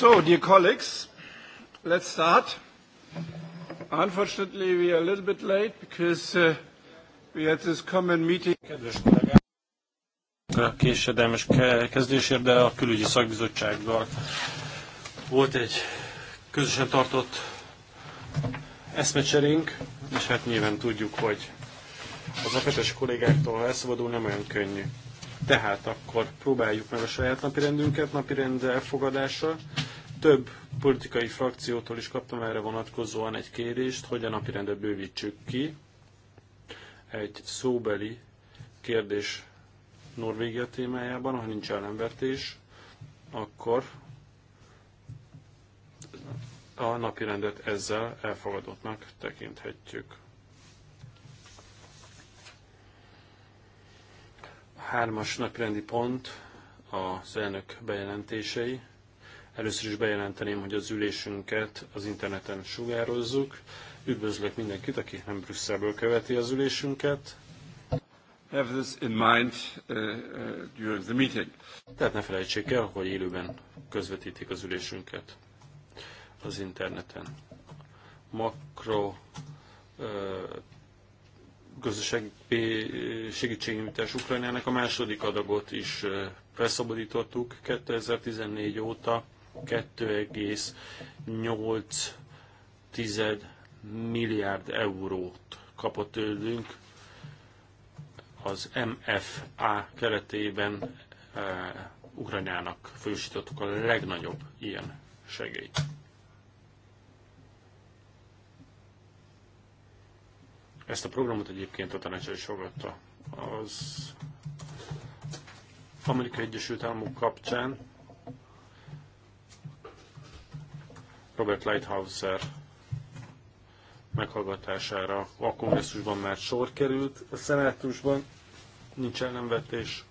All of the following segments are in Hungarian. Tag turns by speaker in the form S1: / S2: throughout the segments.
S1: So, dear colleagues, let's start. Unfortunately, we are a little bit late because uh, we had this common meeting. Kedves késedelmes kezdésért, de a külügyi szakbizottsággal volt egy közösen tartott eszmecserénk, és hát nyilván tudjuk, hogy az a fetes kollégáktól elszabadul nem olyan könnyű. Tehát akkor próbáljuk meg a saját napirendünket napirend elfogadása. Több politikai frakciótól is kaptam erre vonatkozóan egy kérést, hogy a rendet bővítsük ki. Egy szóbeli kérdés Norvégia témájában, ha nincs ellenvetés, akkor a napirendet ezzel elfogadottnak tekinthetjük. A hármas napirendi pont az elnök bejelentései. Először is bejelenteném, hogy az ülésünket az interneten sugározzuk. Üdvözlök mindenkit, aki nem Brüsszelből követi az ülésünket. Have this in mind uh, uh, during the meeting. Tehát ne felejtsék el, hogy élőben közvetítik az ülésünket az interneten. Makro uh, gazdasági segítségnyújtás Ukrajnának a második adagot is uh, felszabadítottuk 2014 óta. 2,8 milliárd eurót kapott tőlünk az MFA keretében e, Ukrajnának folyósítottuk a legnagyobb ilyen segélyt. Ezt a programot egyébként a tanács is fogadta. Az Amerikai Egyesült Államok kapcsán Robert Lighthouser meghallgatására a kongresszusban már sor került, a szenátusban nincs ellenvetés,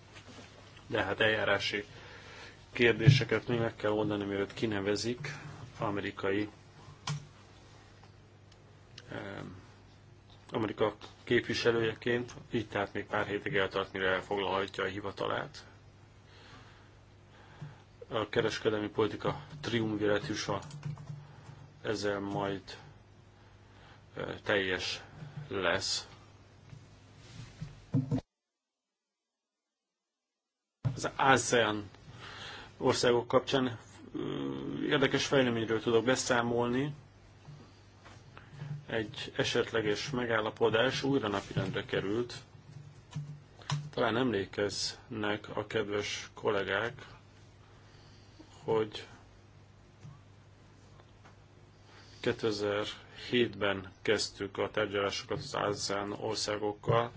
S1: de hát eljárási kérdéseket még meg kell oldani, mielőtt kinevezik amerikai eh, Amerika képviselőjeként, így tehát még pár hétig eltart, mire elfoglalhatja a hivatalát. A kereskedelmi politika triumvirátusa ezzel majd teljes lesz. Az ASEAN országok kapcsán érdekes fejleményről tudok beszámolni. Egy esetleges megállapodás újra napirendre került. Talán emlékeznek a kedves kollégák, hogy 2007-ben kezdtük a tárgyalásokat az ASEAN országokkal,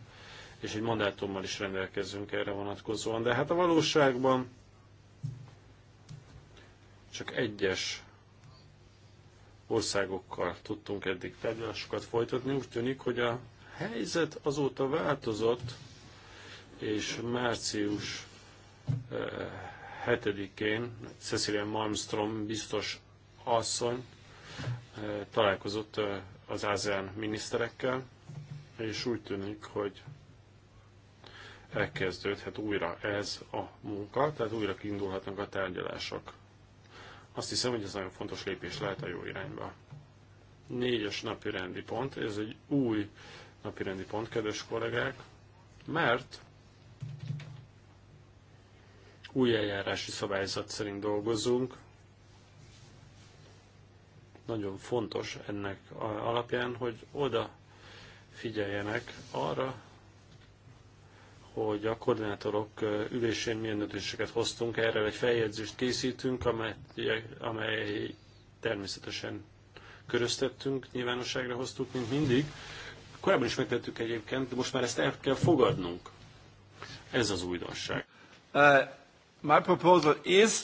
S1: és egy mandátummal is rendelkezünk erre vonatkozóan. De hát a valóságban csak egyes országokkal tudtunk eddig tárgyalásokat folytatni. Úgy tűnik, hogy a helyzet azóta változott, és március 7-én eh, Cecilia Malmström biztos asszony találkozott az ASEAN miniszterekkel, és úgy tűnik, hogy elkezdődhet újra ez a munka, tehát újra kiindulhatnak a tárgyalások. Azt hiszem, hogy ez nagyon fontos lépés lehet a jó irányba. Négyes napi rendi pont, ez egy új napi rendi pont, kedves kollégák, mert új eljárási szabályzat szerint dolgozunk, nagyon fontos ennek alapján, hogy oda figyeljenek arra, hogy a koordinátorok ülésén milyen döntéseket hoztunk, erre egy feljegyzést készítünk, amely, amely természetesen köröztettünk, nyilvánosságra hoztuk, mint mindig. Korábban is megtettük egyébként, de most már ezt el kell fogadnunk. Ez az újdonság. Uh, my proposal is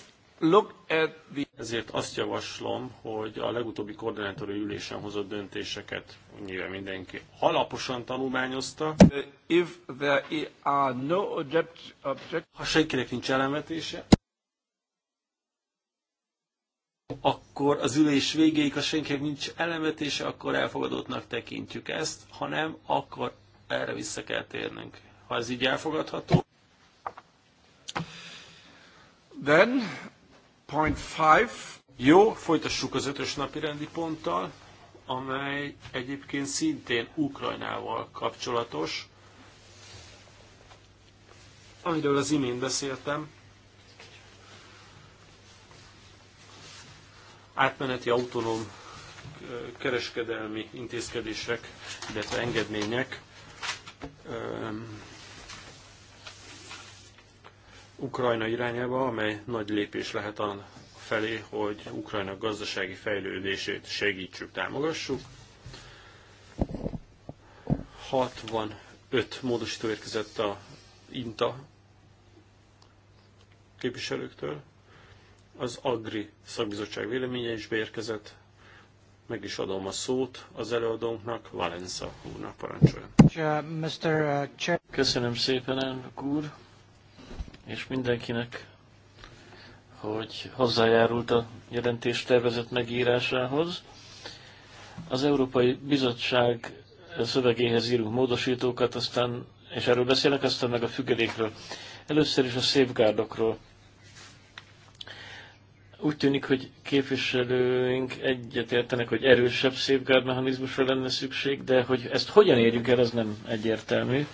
S1: ezért azt javaslom, hogy a legutóbbi koordinátori ülésen hozott döntéseket nyilván mindenki alaposan tanulmányozta. Uh, if there are no object, object... Ha senkinek nincs elemetése, akkor az ülés végéig, ha senkinek nincs elemetése, akkor elfogadottnak tekintjük ezt, ha nem, akkor erre vissza kell térnünk. Ha ez így elfogadható, Then 5. Jó, folytassuk az ötös napi rendi ponttal, amely egyébként szintén Ukrajnával kapcsolatos, amiről az imént beszéltem. Átmeneti autonóm kereskedelmi intézkedések, illetve engedmények Ukrajna irányába, amely nagy lépés lehet a felé, hogy Ukrajna gazdasági fejlődését segítsük, támogassuk. 65 módosító érkezett a INTA képviselőktől. Az AGRI szakbizottság véleménye is beérkezett. Meg is adom a szót az előadónknak,
S2: Valenza
S1: úrnak parancsoljon.
S2: Uh, Köszönöm szépen, elnök úr és mindenkinek, hogy hozzájárult a jelentés tervezett megírásához. Az Európai Bizottság szövegéhez írunk módosítókat, aztán, és erről beszélek, aztán meg a függelékről. Először is a szépgárdokról. Úgy tűnik, hogy képviselőink egyetértenek, hogy erősebb safeguard mechanizmusra lenne szükség, de hogy ezt hogyan érjük el, ez nem egyértelmű.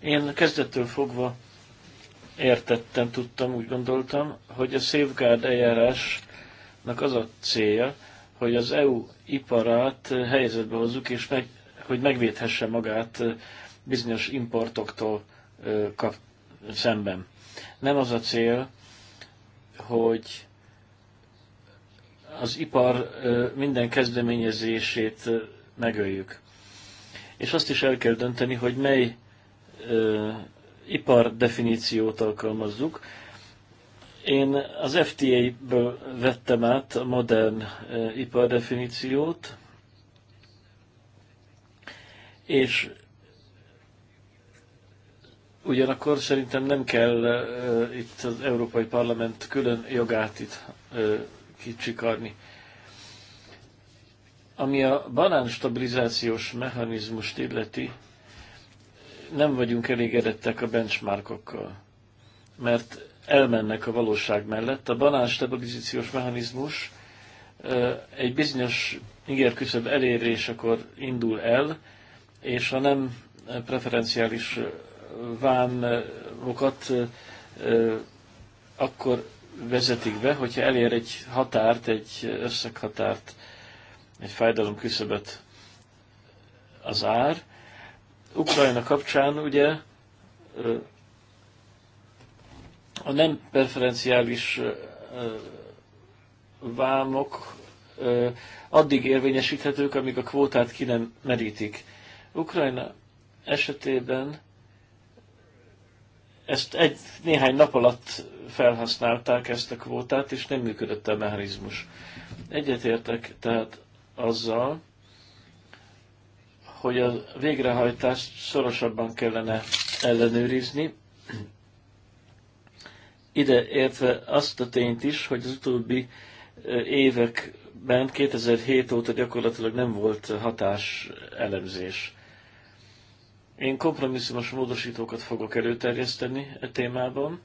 S2: Én kezdettől fogva értettem, tudtam, úgy gondoltam, hogy a safeguard eljárásnak az a célja, hogy az EU iparát helyzetbe hozzuk, és meg, hogy megvédhesse magát bizonyos importoktól kap, szemben. Nem az a cél, hogy az ipar minden kezdeményezését megöljük. És azt is el kell dönteni, hogy mely ipar definíciót alkalmazzuk. Én az FTA-ből vettem át a modern e, ipar definíciót, és ugyanakkor szerintem nem kell uh, itt az Európai Parlament külön jogát itt uh, kicsikarni. Ami a banán stabilizációs mechanizmust illeti, nem vagyunk elégedettek a benchmarkokkal, mert elmennek a valóság mellett. A banán stabilizációs mechanizmus egy bizonyos ingerküszöb elérésekor indul el, és ha nem preferenciális vámokat akkor vezetik be, hogyha elér egy határt, egy összeghatárt, egy fájdalom küszöbet az ár, Ukrajna kapcsán ugye a nem preferenciális vámok addig érvényesíthetők, amíg a kvótát ki nem merítik. Ukrajna esetében ezt egy néhány nap alatt felhasználták ezt a kvótát, és nem működött a mechanizmus. Egyetértek tehát azzal, hogy a végrehajtást szorosabban kellene ellenőrizni, ide értve azt a tényt is, hogy az utóbbi években, 2007 óta gyakorlatilag nem volt hatás elemzés. Én kompromisszumos módosítókat fogok előterjeszteni e témában.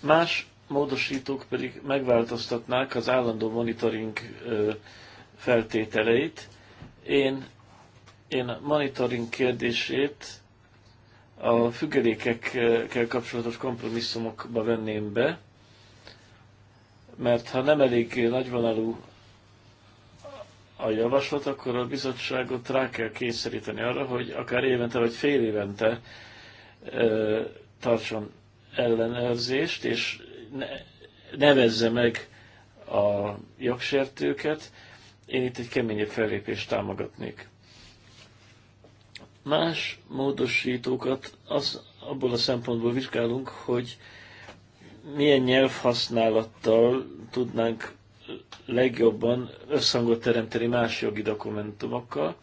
S2: Más módosítók pedig megváltoztatnák az állandó monitoring feltételeit. Én én a monitoring kérdését a függelékekkel kapcsolatos kompromisszumokba venném be, mert ha nem elég nagyvonalú a javaslat, akkor a bizottságot rá kell kényszeríteni arra, hogy akár évente vagy fél évente ö, tartson ellenőrzést, és ne, nevezze meg a jogsértőket. Én itt egy keményebb fellépést támogatnék. Más módosítókat az, abból a szempontból vizsgálunk, hogy milyen nyelvhasználattal tudnánk legjobban összhangot teremteni más jogi dokumentumokkal,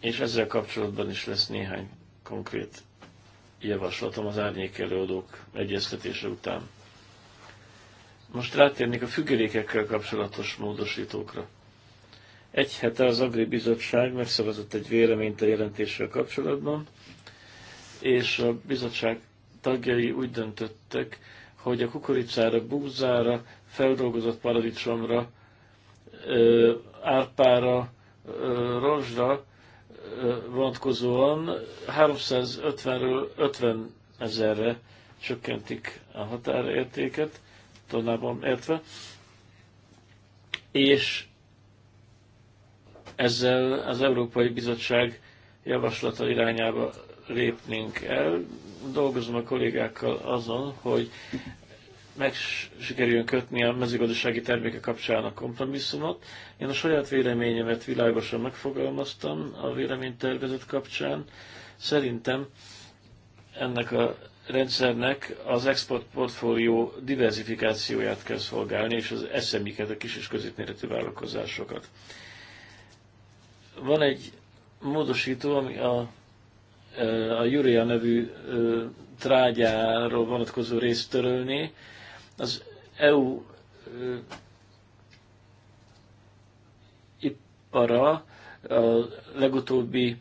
S2: és ezzel kapcsolatban is lesz néhány konkrét javaslatom az árnyék előadók egyeztetése után. Most rátérnék a függelékekkel kapcsolatos módosítókra. Egy hete az Agri Bizottság megszavazott egy véleményt a jelentéssel kapcsolatban, és a bizottság tagjai úgy döntöttek, hogy a kukoricára, búzára, feldolgozott paradicsomra, árpára, rozsra vonatkozóan 350-ről 50 ezerre csökkentik a határértéket, tonnában értve, és ezzel az Európai Bizottság javaslata irányába lépnénk el. Dolgozom a kollégákkal azon, hogy meg sikerüljön kötni a mezőgazdasági termékek kapcsán a kompromisszumot. Én a saját véleményemet világosan megfogalmaztam a véleménytervezet kapcsán. Szerintem ennek a rendszernek az export portfólió diversifikációját kell szolgálni, és az SMI-ket, a kis és középméretű vállalkozásokat. Van egy módosító, ami a, a Júria nevű trágyáról vonatkozó részt törölni. Az EU ipara a legutóbbi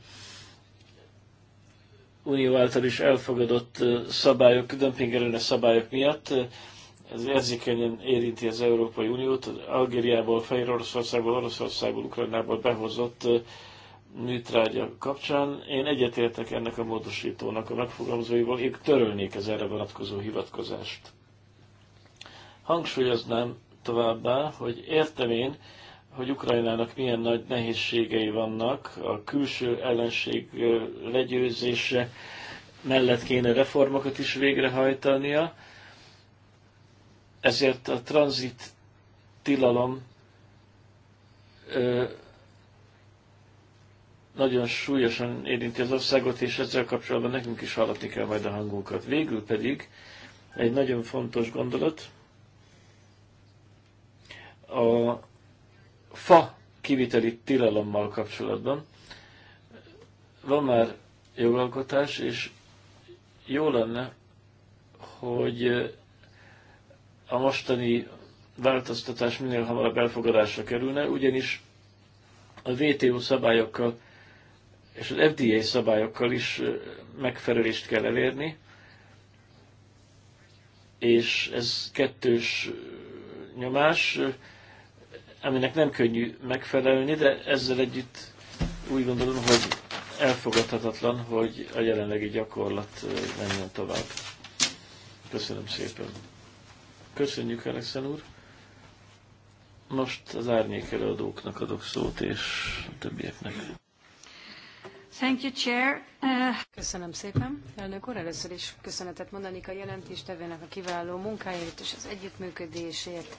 S2: unió által is elfogadott szabályok, dömpingerőne szabályok miatt ez érzékenyen érinti az Európai Uniót, az Algériából, Fehér Oroszországból, Oroszországból, Ukrajnából behozott műtrágya kapcsán. Én egyetértek ennek a módosítónak a megfogalmazóival, én törölnék az erre vonatkozó hivatkozást. Hangsúlyoznám továbbá, hogy értem én, hogy Ukrajnának milyen nagy nehézségei vannak, a külső ellenség legyőzése mellett kéne reformokat is végrehajtania, ezért a tranzit tilalom ö, nagyon súlyosan érinti az országot, és ezzel kapcsolatban nekünk is hallatni kell majd a hangunkat. Végül pedig egy nagyon fontos gondolat, a fa kiviteli tilalommal kapcsolatban. Van már jogalkotás, és jó lenne, hogy a mostani változtatás minél hamarabb elfogadásra kerülne, ugyanis a WTO szabályokkal és az FDA szabályokkal is megfelelést kell elérni, és ez kettős nyomás, aminek nem könnyű megfelelni, de ezzel együtt úgy gondolom, hogy elfogadhatatlan, hogy a jelenlegi gyakorlat menjen tovább. Köszönöm szépen! Köszönjük, Alexen úr. Most az árnyék előadóknak adok szót, és a többieknek.
S3: Thank you, Chair. Uh... Köszönöm szépen. Elnök úr, először is köszönetet mondanék a jelentéstevének a kiváló munkáért és az együttműködésért,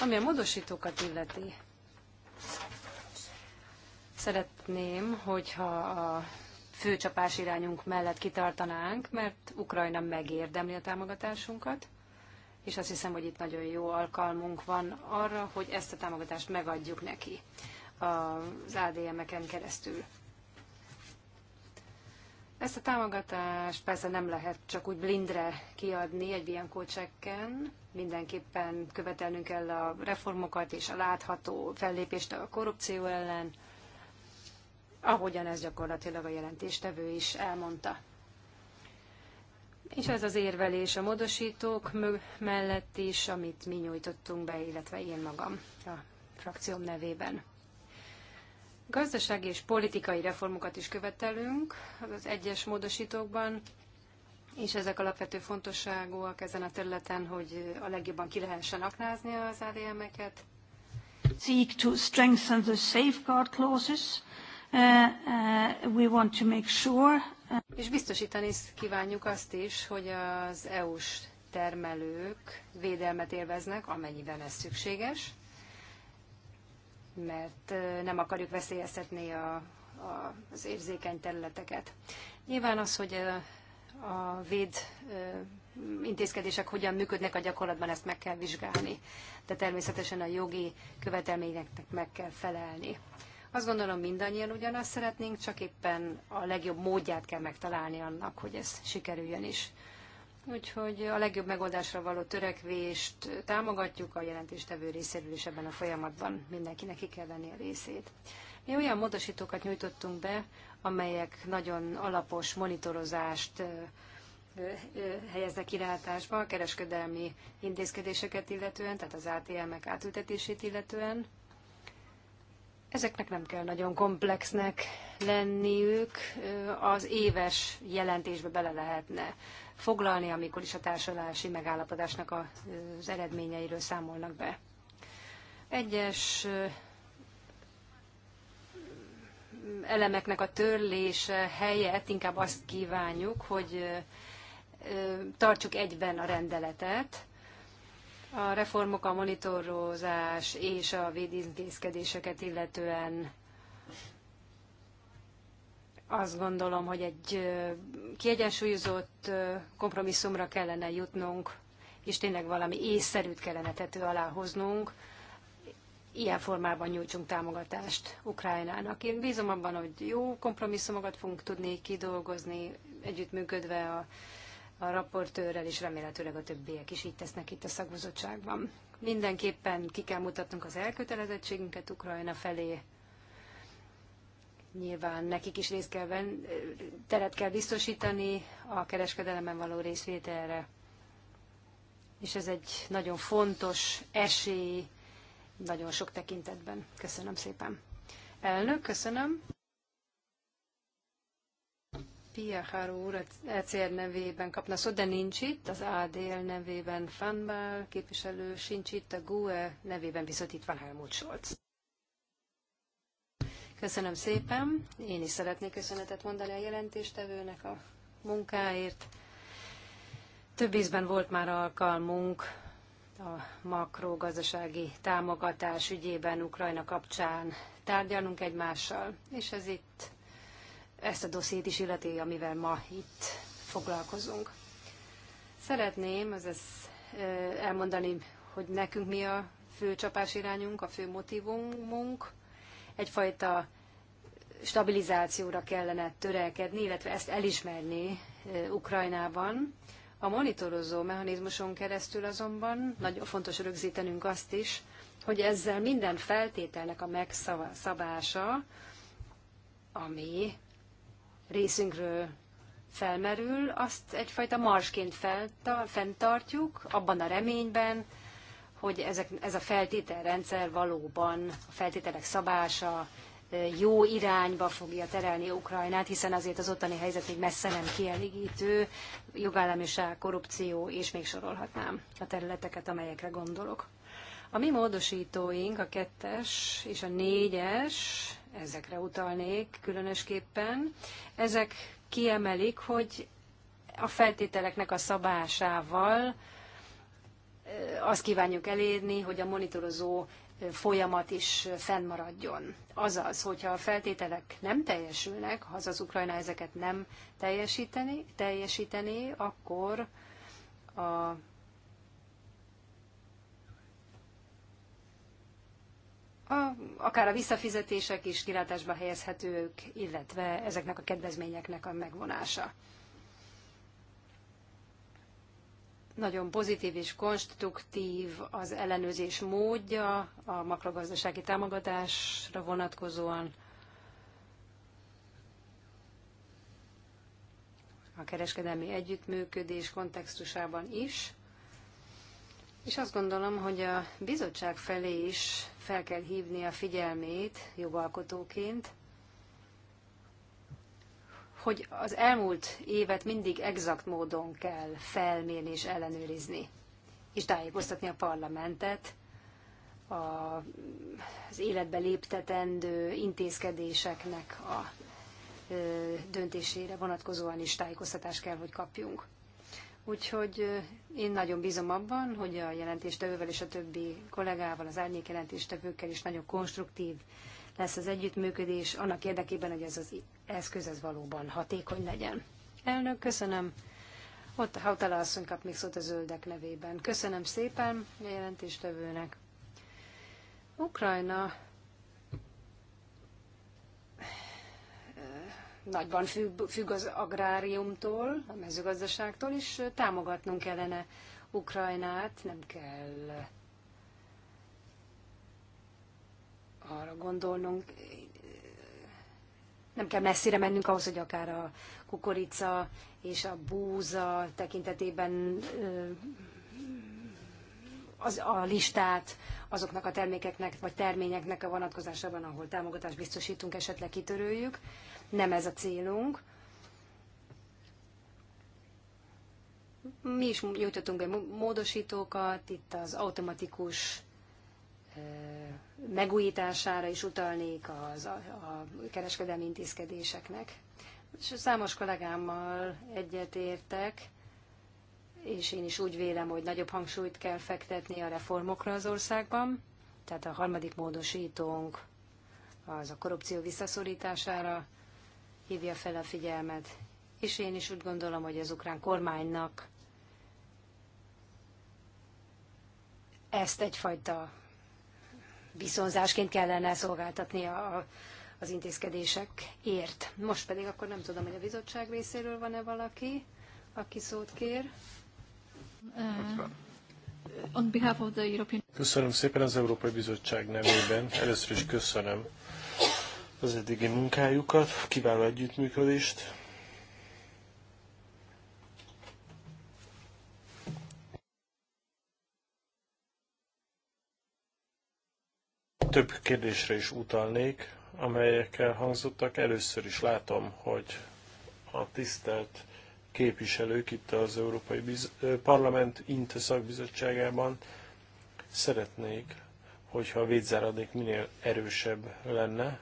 S3: ami a módosítókat illeti. Szeretném, hogyha a főcsapás irányunk mellett kitartanánk, mert Ukrajna megérdemli a támogatásunkat és azt hiszem, hogy itt nagyon jó alkalmunk van arra, hogy ezt a támogatást megadjuk neki az ADM-eken keresztül. Ezt a támogatást persze nem lehet csak úgy blindre kiadni egy ilyen kócsekken. mindenképpen követelnünk kell a reformokat és a látható fellépést a korrupció ellen, ahogyan ez gyakorlatilag a jelentéstevő is elmondta. És ez az érvelés a módosítók mellett is, amit mi nyújtottunk be, illetve én magam a frakcióm nevében. Gazdasági és politikai reformokat is követelünk az, az egyes módosítókban, és ezek alapvető fontosságúak ezen a területen, hogy a legjobban ki lehessen aknázni az ADM-eket. Seek to strengthen the safeguard clauses. Uh, uh, we want to make sure és biztosítani kívánjuk azt is, hogy az EU-s termelők védelmet élveznek, amennyiben ez szükséges, mert nem akarjuk veszélyeztetni a, a, az érzékeny területeket. Nyilván az, hogy a, véd intézkedések hogyan működnek a gyakorlatban, ezt meg kell vizsgálni, de természetesen a jogi követelményeknek meg kell felelni. Azt gondolom mindannyian ugyanazt szeretnénk, csak éppen a legjobb módját kell megtalálni annak, hogy ez sikerüljön is. Úgyhogy a legjobb megoldásra való törekvést támogatjuk, a jelentéstevő részéről is ebben a folyamatban mindenkinek ki kell venni a részét. Mi olyan módosítókat nyújtottunk be, amelyek nagyon alapos monitorozást helyeznek irányításba a kereskedelmi intézkedéseket illetően, tehát az ATM-ek átültetését illetően, Ezeknek nem kell nagyon komplexnek lenniük, az éves jelentésbe bele lehetne foglalni, amikor is a társadalási megállapodásnak az eredményeiről számolnak be. Egyes elemeknek a törlése helyett inkább azt kívánjuk, hogy tartsuk egyben a rendeletet, a reformok, a monitorozás és a védintézkedéseket illetően azt gondolom, hogy egy kiegyensúlyozott kompromisszumra kellene jutnunk, és tényleg valami észszerűt kellene tető alá hoznunk, ilyen formában nyújtsunk támogatást Ukrajnának. Én bízom abban, hogy jó kompromisszumokat fogunk tudni kidolgozni, együttműködve a a raportőrrel, és remélhetőleg a többiek is így tesznek itt a szakbizottságban. Mindenképpen ki kell mutatnunk az elkötelezettségünket Ukrajna felé. Nyilván nekik is részt kell ven, teret kell biztosítani a kereskedelemen való részvételre. És ez egy nagyon fontos esély nagyon sok tekintetben. Köszönöm szépen. Elnök, köszönöm. Piahar úr ECR nevében kapna szó, de nincs itt, az ADL nevében Fanbál képviselő sincs itt, a GUE nevében viszont itt van Helmut Scholz. Köszönöm szépen, én is szeretnék köszönetet mondani a jelentéstevőnek a munkáért. Több ízben volt már alkalmunk a makrogazdasági támogatás ügyében Ukrajna kapcsán tárgyalnunk egymással, és ez itt ezt a dossziét is illeti, amivel ma itt foglalkozunk. Szeretném az ezt elmondani, hogy nekünk mi a fő csapás irányunk, a fő motivumunk. Egyfajta stabilizációra kellene törekedni, illetve ezt elismerni Ukrajnában. A monitorozó mechanizmuson keresztül azonban nagyon fontos rögzítenünk azt is, hogy ezzel minden feltételnek a megszabása, ami részünkről felmerül, azt egyfajta marsként fenntartjuk, abban a reményben, hogy ezek, ez a feltételrendszer valóban a feltételek szabása jó irányba fogja terelni Ukrajnát, hiszen azért az ottani helyzet még messze nem kielégítő, jogállamiság, korrupció, és még sorolhatnám a területeket, amelyekre gondolok. A mi módosítóink, a kettes és a négyes ezekre utalnék különösképpen. Ezek kiemelik, hogy a feltételeknek a szabásával azt kívánjuk elérni, hogy a monitorozó folyamat is fennmaradjon. Azaz, hogyha a feltételek nem teljesülnek, ha az Ukrajna ezeket nem teljesíteni, teljesíteni akkor a a, akár a visszafizetések is kilátásba helyezhetők, illetve ezeknek a kedvezményeknek a megvonása. Nagyon pozitív és konstruktív az ellenőrzés módja a makrogazdasági támogatásra vonatkozóan. A kereskedelmi együttműködés kontextusában is. És azt gondolom, hogy a bizottság felé is fel kell hívni a figyelmét jogalkotóként, hogy az elmúlt évet mindig exakt módon kell felmérni és ellenőrizni, és tájékoztatni a parlamentet a, az életbe léptetendő intézkedéseknek a ö, döntésére vonatkozóan is tájékoztatást kell, hogy kapjunk. Úgyhogy én nagyon bízom abban, hogy a jelentéstevővel és a többi kollégával, az árnyék jelentéstevőkkel is nagyon konstruktív lesz az együttműködés, annak érdekében, hogy ez az eszköz ez valóban hatékony legyen. Elnök, köszönöm. Ott a Hautala asszony kap még szót a zöldek nevében. Köszönöm szépen a jelentéstevőnek. Ukrajna
S2: nagyban függ, függ az
S3: agráriumtól, a mezőgazdaságtól, és támogatnunk kellene Ukrajnát, nem kell arra gondolnunk, nem kell messzire mennünk ahhoz, hogy akár a kukorica és a búza tekintetében az, a listát azoknak a termékeknek vagy terményeknek a vonatkozásában, ahol támogatást biztosítunk, esetleg kitörőjük nem ez a célunk. Mi is nyújtottunk be módosítókat, itt az automatikus megújítására is utalnék az, a, a kereskedelmi intézkedéseknek. És számos kollégámmal egyetértek, és én is úgy vélem, hogy nagyobb hangsúlyt kell fektetni a reformokra az országban. Tehát a harmadik módosítónk az a korrupció visszaszorítására hívja fel a figyelmet. És én is úgy gondolom, hogy az ukrán kormánynak ezt egyfajta viszonzásként kellene szolgáltatni a, az intézkedések ért. Most pedig akkor nem tudom, hogy a bizottság részéről van-e valaki, aki szót kér. Uh,
S1: köszönöm szépen az Európai Bizottság nevében. Először is köszönöm az eddigi munkájukat, kiváló együttműködést. Több kérdésre is utalnék, amelyekkel hangzottak Először is látom, hogy a tisztelt képviselők itt az Európai Biz- Parlament INTE szakbizottságában szeretnék, hogyha a védzáradék minél erősebb lenne,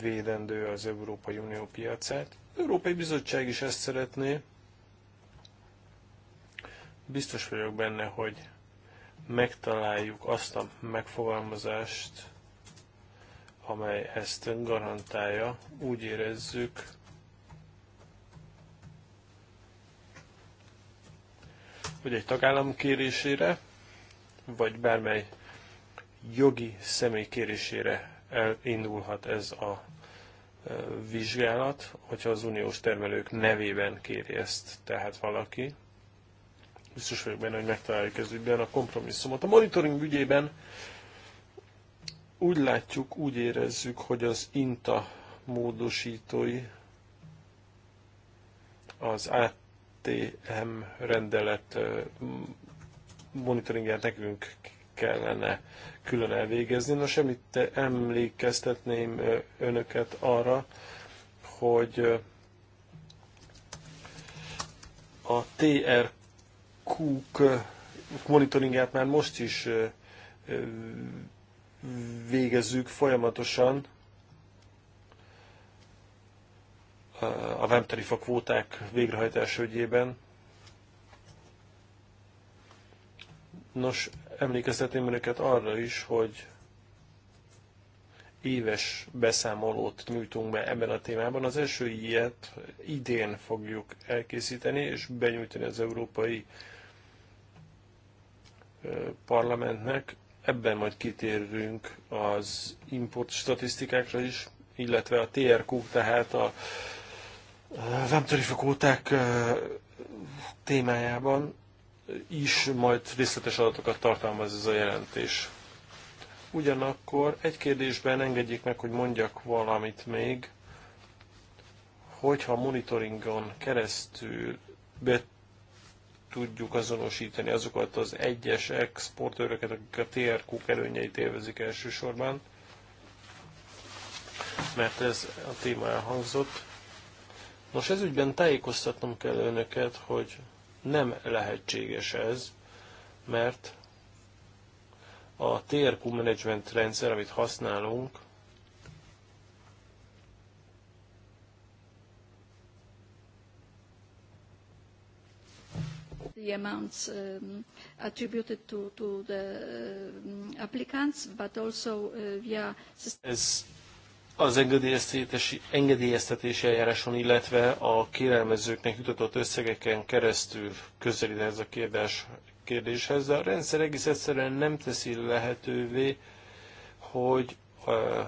S1: védendő az Európai Unió piacát. Az Európai Bizottság is ezt szeretné. Biztos vagyok benne, hogy megtaláljuk azt a megfogalmazást, amely ezt garantálja. Úgy érezzük, hogy egy tagállam kérésére, vagy bármely jogi személy kérésére elindulhat ez a e, vizsgálat, hogyha az uniós termelők nevében kéri ezt tehát valaki. Biztos vagyok benne, hogy megtaláljuk ez ügyben a kompromisszumot. A monitoring ügyében úgy látjuk, úgy érezzük, hogy az INTA módosítói az ATM rendelet e, monitoringját nekünk kellene külön elvégezni. Nos, semmit emlékeztetném önöket arra, hogy a TRQ-k monitoringját már most is végezzük folyamatosan a vemtarifa kvóták végrehajtás ügyében. Nos, Emlékeztetném önöket arra is, hogy éves beszámolót nyújtunk be ebben a témában. Az első ilyet idén fogjuk elkészíteni és benyújtani az Európai Parlamentnek. Ebben majd kitérünk az import statisztikákra is, illetve a TRQ, tehát a vámtarifakóták témájában is majd részletes adatokat tartalmaz ez a jelentés. Ugyanakkor egy kérdésben engedjék meg, hogy mondjak valamit még, hogyha monitoringon keresztül be tudjuk azonosítani azokat az egyes exportőröket, akik a trq előnyeit élvezik elsősorban, mert ez a téma elhangzott. Nos, ezügyben tájékoztatnom kell önöket, hogy nem lehetséges ez, mert a TRQ management rendszer, amit használunk,
S3: the amounts um, attributed to, to the uh, applicants, but also uh, via...
S1: Ez az engedélyeztetési eljáráson, illetve a kérelmezőknek jutatott összegeken keresztül közelít ez a kérdés, kérdéshez. De a rendszer egész egyszerűen nem teszi lehetővé, hogy eh,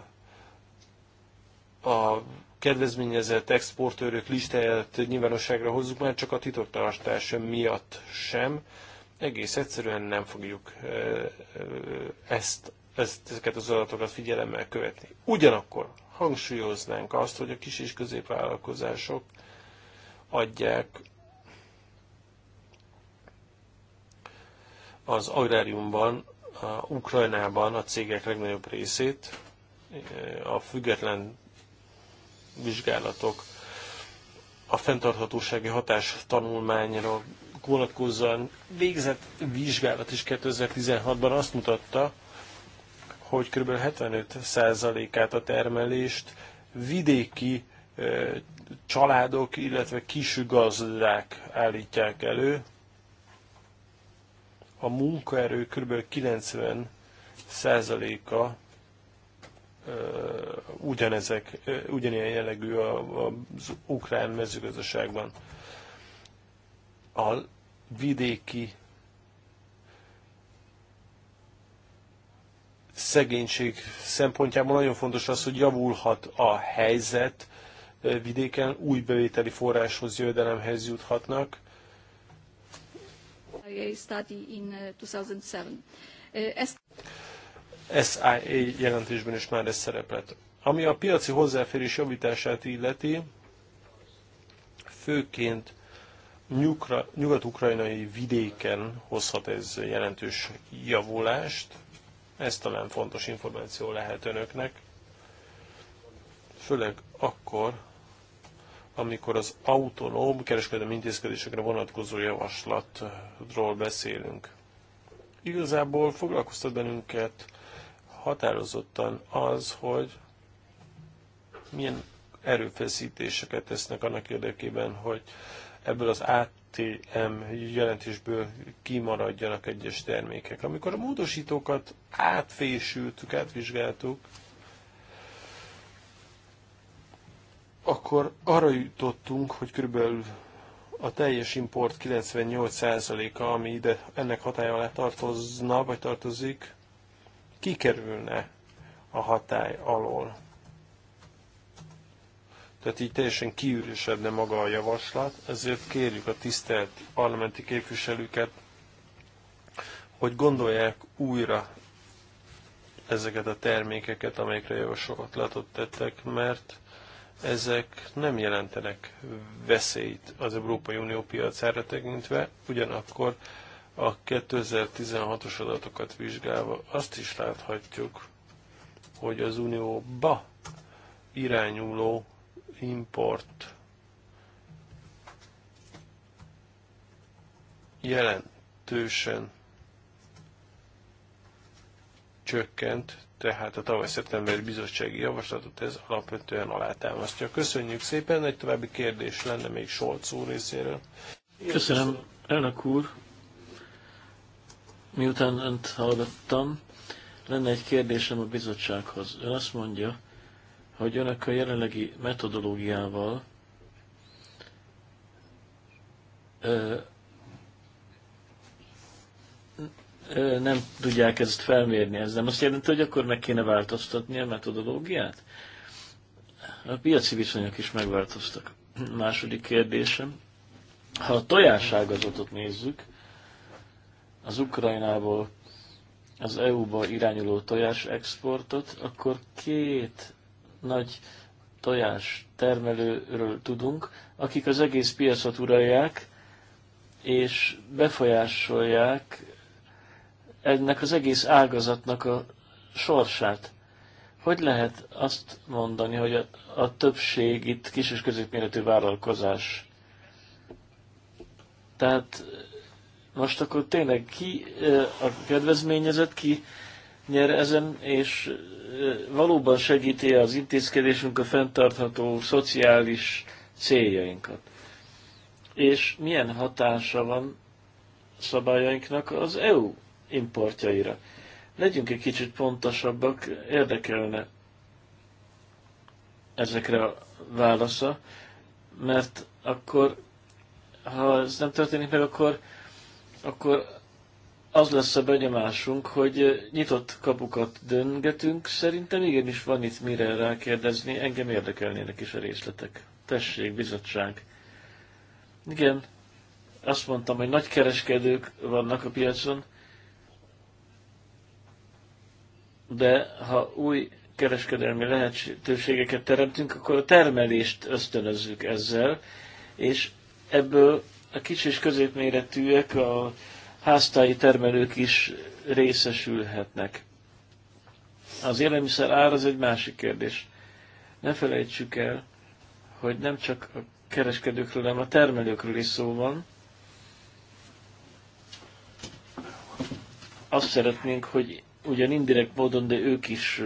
S1: a kedvezményezett exportőrök listáját nyilvánosságra hozzuk, már csak a titoktartás miatt sem. Egész egyszerűen nem fogjuk eh, eh, ezt ezeket az adatokat figyelemmel követni.
S2: Ugyanakkor
S1: hangsúlyoznánk azt, hogy a kis és középvállalkozások adják az agráriumban, a Ukrajnában a cégek legnagyobb részét, a független vizsgálatok, a fenntarthatósági hatás tanulmányra vonatkozóan végzett vizsgálat is 2016-ban azt mutatta, hogy kb. 75%-át a termelést vidéki családok, illetve kis gazdák állítják elő. A munkaerő kb. 90%-a ugyanezek, ugyanilyen jellegű az ukrán mezőgazdaságban. A vidéki szegénység szempontjából nagyon fontos az, hogy javulhat a helyzet vidéken, új bevételi forráshoz, jövedelemhez juthatnak. SIA uh, uh, jelentésben is már ez szerepelt. Ami a piaci hozzáférés javítását illeti, főként nyugat-ukrajnai vidéken hozhat ez jelentős javulást. Ez talán fontos információ lehet önöknek, főleg akkor, amikor az autonóm kereskedelmi intézkedésekre vonatkozó javaslatról beszélünk. Igazából foglalkoztat bennünket határozottan az, hogy milyen erőfeszítéseket tesznek annak érdekében, hogy ebből az át CTM jelentésből kimaradjanak egyes termékek. Amikor a módosítókat átfésültük, átvizsgáltuk, akkor arra jutottunk, hogy körülbelül a teljes import 98%-a, ami ide ennek hatája alá tartozna, vagy tartozik, kikerülne a hatály alól. Tehát így teljesen kiürésedne maga a javaslat, ezért kérjük a tisztelt parlamenti képviselőket, hogy gondolják újra ezeket a termékeket, amelyekre javaslatot tettek, mert ezek nem jelentenek veszélyt az Európai Unió piacára tekintve, ugyanakkor a 2016-os adatokat vizsgálva azt is láthatjuk, hogy az Unióba irányuló import jelentősen csökkent, tehát a tavaly szeptemberi bizottsági javaslatot ez alapvetően alátámasztja. Köszönjük szépen, egy további kérdés lenne még Solc úr
S2: részéről. Köszönöm, köszönöm. elnök úr. Miután önt hallgattam, lenne egy kérdésem a bizottsághoz. Ön azt mondja, hogy önök a jelenlegi metodológiával ö, ö, nem tudják ezt felmérni. Ez nem azt jelenti, hogy akkor meg kéne változtatni a metodológiát? A piaci viszonyok is megváltoztak. Második kérdésem. Ha a tojáságazatot nézzük, az Ukrajnából az EU-ba irányuló tojás exportot, akkor két nagy tojás termelőről tudunk, akik az egész piacot uralják, és befolyásolják ennek az egész ágazatnak a sorsát. Hogy lehet azt mondani, hogy a, a többség itt kis és középméretű vállalkozás? Tehát most akkor tényleg ki eh, a kedvezményezett, ki nyer ezen, és valóban segíti az intézkedésünk a fenntartható szociális céljainkat. És milyen hatása van szabályainknak az EU importjaira? Legyünk egy kicsit pontosabbak, érdekelne ezekre a válasza, mert akkor, ha ez nem történik meg, akkor, akkor az lesz a benyomásunk, hogy nyitott kapukat döngetünk. Szerintem igenis van itt mire rákérdezni, engem érdekelnének is a részletek. Tessék, bizottság. Igen, azt mondtam, hogy nagy kereskedők vannak a piacon, de ha új kereskedelmi lehetőségeket teremtünk, akkor a termelést ösztönözzük ezzel, és ebből a kis és középméretűek, a háztáji termelők is részesülhetnek. Az élelmiszer ár az egy másik kérdés. Ne felejtsük el, hogy nem csak a kereskedőkről, hanem a termelőkről is szó van. Azt szeretnénk, hogy ugyan indirekt módon, de ők is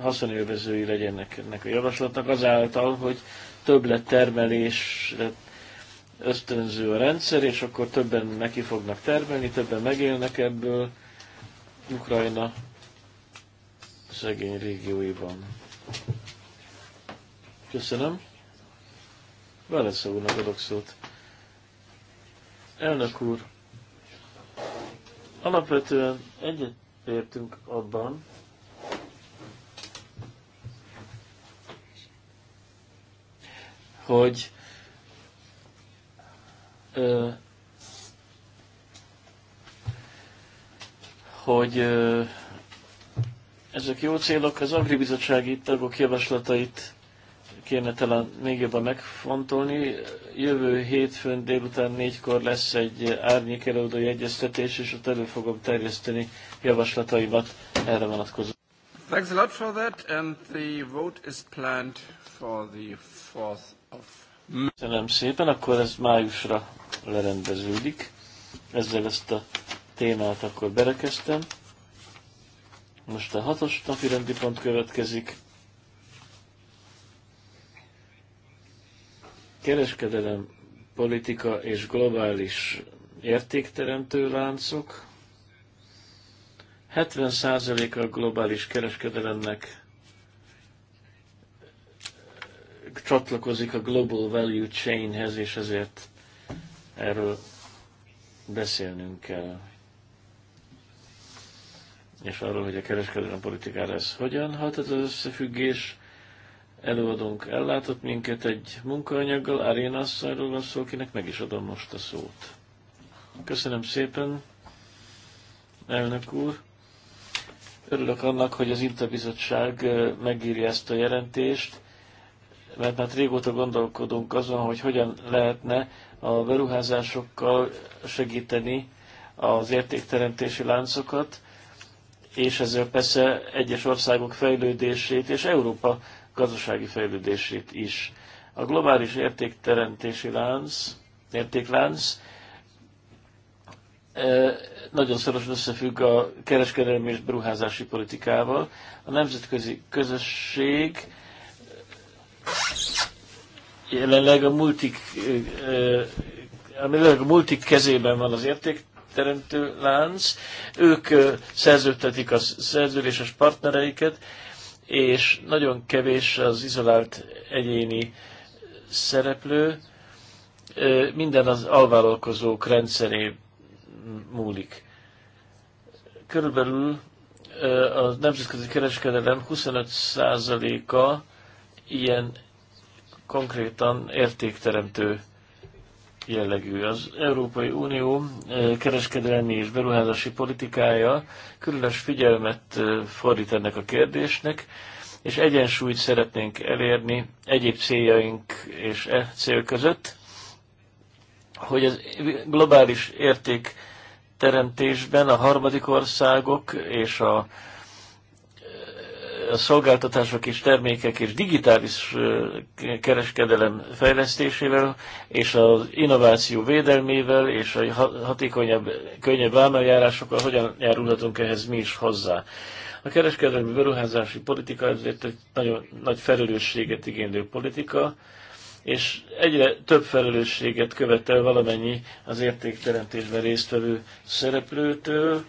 S2: haszonélvezői legyenek ennek a javaslatnak, azáltal, hogy többlet termelésre ösztönző a rendszer, és akkor többen neki fognak termelni, többen megélnek ebből Ukrajna szegény régióiban. Köszönöm. Válasza úrnak adok szót. Elnök úr, alapvetően egyetértünk abban, hogy hogy ezek jó célok, az agribizottsági tagok javaslatait kéne talán még jobban megfontolni. Jövő hétfőn délután négykor lesz egy árnyék előadói egyeztetés, és ott elő fogom terjeszteni javaslataimat erre vonatkozóan.
S1: Thanks a lot for that, and the vote is planned for the 4th of
S2: Köszönöm szépen, akkor ez májusra lerendeződik. Ezzel ezt a témát akkor berekeztem. Most a hatos napi rendi pont következik. Kereskedelem, politika és globális értékteremtő láncok. 70%-a globális kereskedelemnek csatlakozik a Global Value Chainhez, és ezért erről beszélnünk kell. És arról, hogy a kereskedelmi politikára ez hogyan hat ez az összefüggés. Előadunk, ellátott minket egy munkaanyaggal, Aréna asszonyról van szó, akinek meg is adom most a szót. Köszönöm szépen, elnök úr. Örülök annak, hogy az Interbizottság eh, megírja ezt a jelentést mert már régóta gondolkodunk azon, hogy hogyan lehetne a beruházásokkal segíteni az értékteremtési láncokat, és ezzel persze egyes országok fejlődését és Európa gazdasági fejlődését is. A globális értékteremtési lánc, értéklánc e, nagyon szorosan összefügg a kereskedelmi és beruházási politikával. A nemzetközi közösség jelenleg a multik, jelenleg a multik kezében van az teremtő lánc, ők szerződtetik a szerződéses partnereiket, és nagyon kevés az izolált egyéni szereplő, minden az alvállalkozók rendszeré múlik. Körülbelül a nemzetközi kereskedelem 25%-a ilyen konkrétan értékteremtő jellegű. Az Európai Unió eh, kereskedelmi és beruházási politikája különös figyelmet eh, fordít ennek a kérdésnek, és egyensúlyt szeretnénk elérni egyéb céljaink és e cél között, hogy az globális értékteremtésben a harmadik országok és a a szolgáltatások és termékek és digitális kereskedelem fejlesztésével és az innováció védelmével és a hatékonyabb, könnyebb vámeljárásokkal hogyan járulhatunk ehhez mi is hozzá. A kereskedelmi beruházási politika ezért egy nagyon nagy felelősséget igénylő politika, és egyre több felelősséget követel valamennyi az értékteremtésben résztvevő szereplőtől,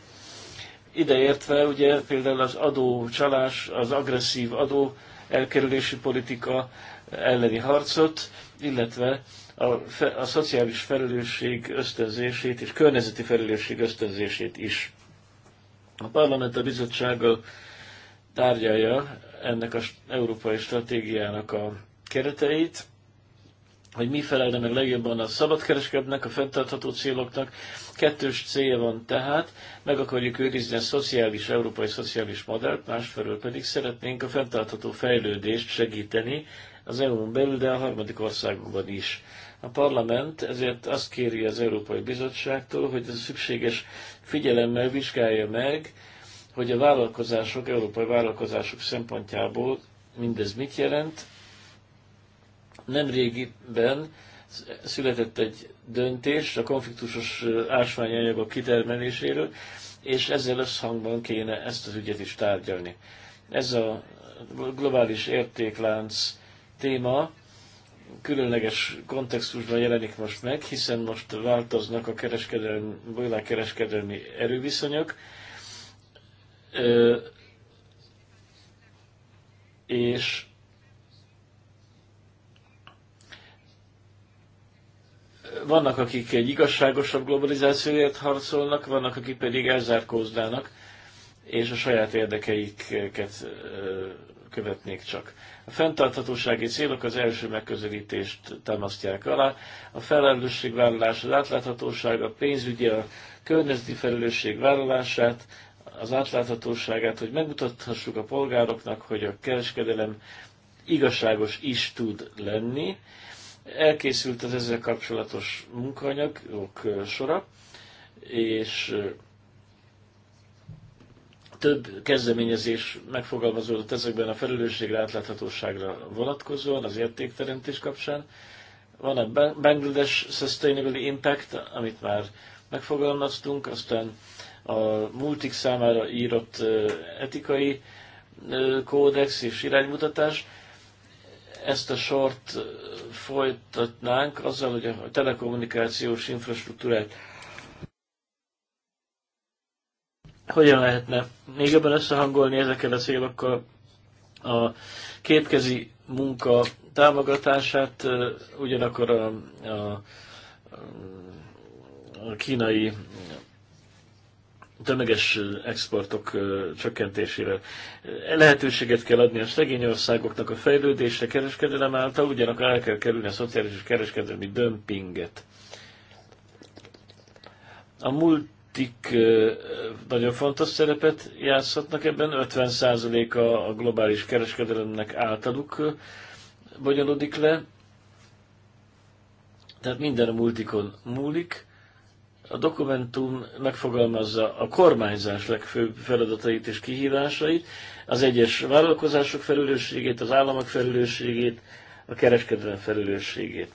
S2: ideértve ugye például az adócsalás, az agresszív adó elkerülési politika elleni harcot, illetve a, fe, a szociális felelősség ösztönzését és környezeti felelősség ösztönzését is. A parlament a bizottsággal tárgyalja ennek az európai stratégiának a kereteit, hogy mi felelne meg legjobban a szabadkereskednek, a fenntartható céloknak. Kettős célja van tehát, meg akarjuk őrizni a szociális, európai szociális modellt, másfelől pedig szeretnénk a fenntartható fejlődést segíteni az EU-n belül, de a harmadik országokban is. A parlament ezért azt kéri az Európai Bizottságtól, hogy ez szükséges figyelemmel vizsgálja meg, hogy a vállalkozások, európai vállalkozások szempontjából mindez mit jelent, nemrégiben született egy döntés a konfliktusos ásványanyagok kitermeléséről, és ezzel összhangban kéne ezt az ügyet is tárgyalni. Ez a globális értéklánc téma különleges kontextusban jelenik most meg, hiszen most változnak a kereskedelmi, világkereskedelmi erőviszonyok, és Vannak, akik egy igazságosabb globalizációért harcolnak, vannak, akik pedig elzárkóznának, és a saját érdekeiket követnék csak. A fenntarthatósági célok az első megközelítést támasztják alá, a felelősségvállalás, az átláthatóság, a pénzügyi, a környezeti felelősség vállalását, az átláthatóságát, hogy megmutathassuk a polgároknak, hogy a kereskedelem igazságos is tud lenni, Elkészült az ezzel kapcsolatos munkanyagok sora, és több kezdeményezés megfogalmazódott ezekben a felelősségre, átláthatóságra vonatkozóan, az értékteremtés kapcsán. Van a Bangladesh Sustainable Impact, amit már megfogalmaztunk, aztán a multik számára írott etikai kódex és iránymutatás, ezt a sort folytatnánk azzal, hogy a telekommunikációs infrastruktúrát hogyan lehetne még ebben összehangolni ezekkel a célokkal a kétkezi munka támogatását, ugyanakkor a, a, a kínai tömeges exportok csökkentésére. Lehetőséget kell adni a szegény országoknak a fejlődésre kereskedelem által, ugyanakkor el kell kerülni a szociális és kereskedelmi dömpinget. A multik nagyon fontos szerepet játszhatnak ebben, 50%-a a globális kereskedelemnek általuk bonyolódik le, tehát minden a multikon múlik a dokumentum megfogalmazza a kormányzás legfőbb feladatait és kihívásait, az egyes vállalkozások felelősségét, az államok felelősségét, a kereskedelem felelősségét.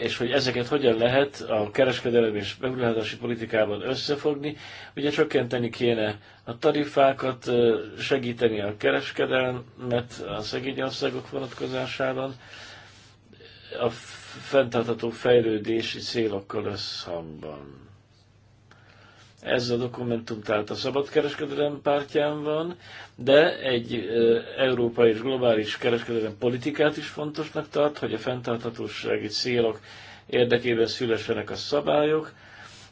S2: És hogy ezeket hogyan lehet a kereskedelem és beruházási politikában összefogni, ugye csökkenteni kéne a tarifákat, segíteni a kereskedelmet a szegény országok vonatkozásában, a fenntartható fejlődési célokkal összhangban. Ez a dokumentum tehát a szabadkereskedelem pártján van, de egy európai és globális kereskedelem politikát is fontosnak tart, hogy a fenntarthatósági célok érdekében szülessenek a szabályok,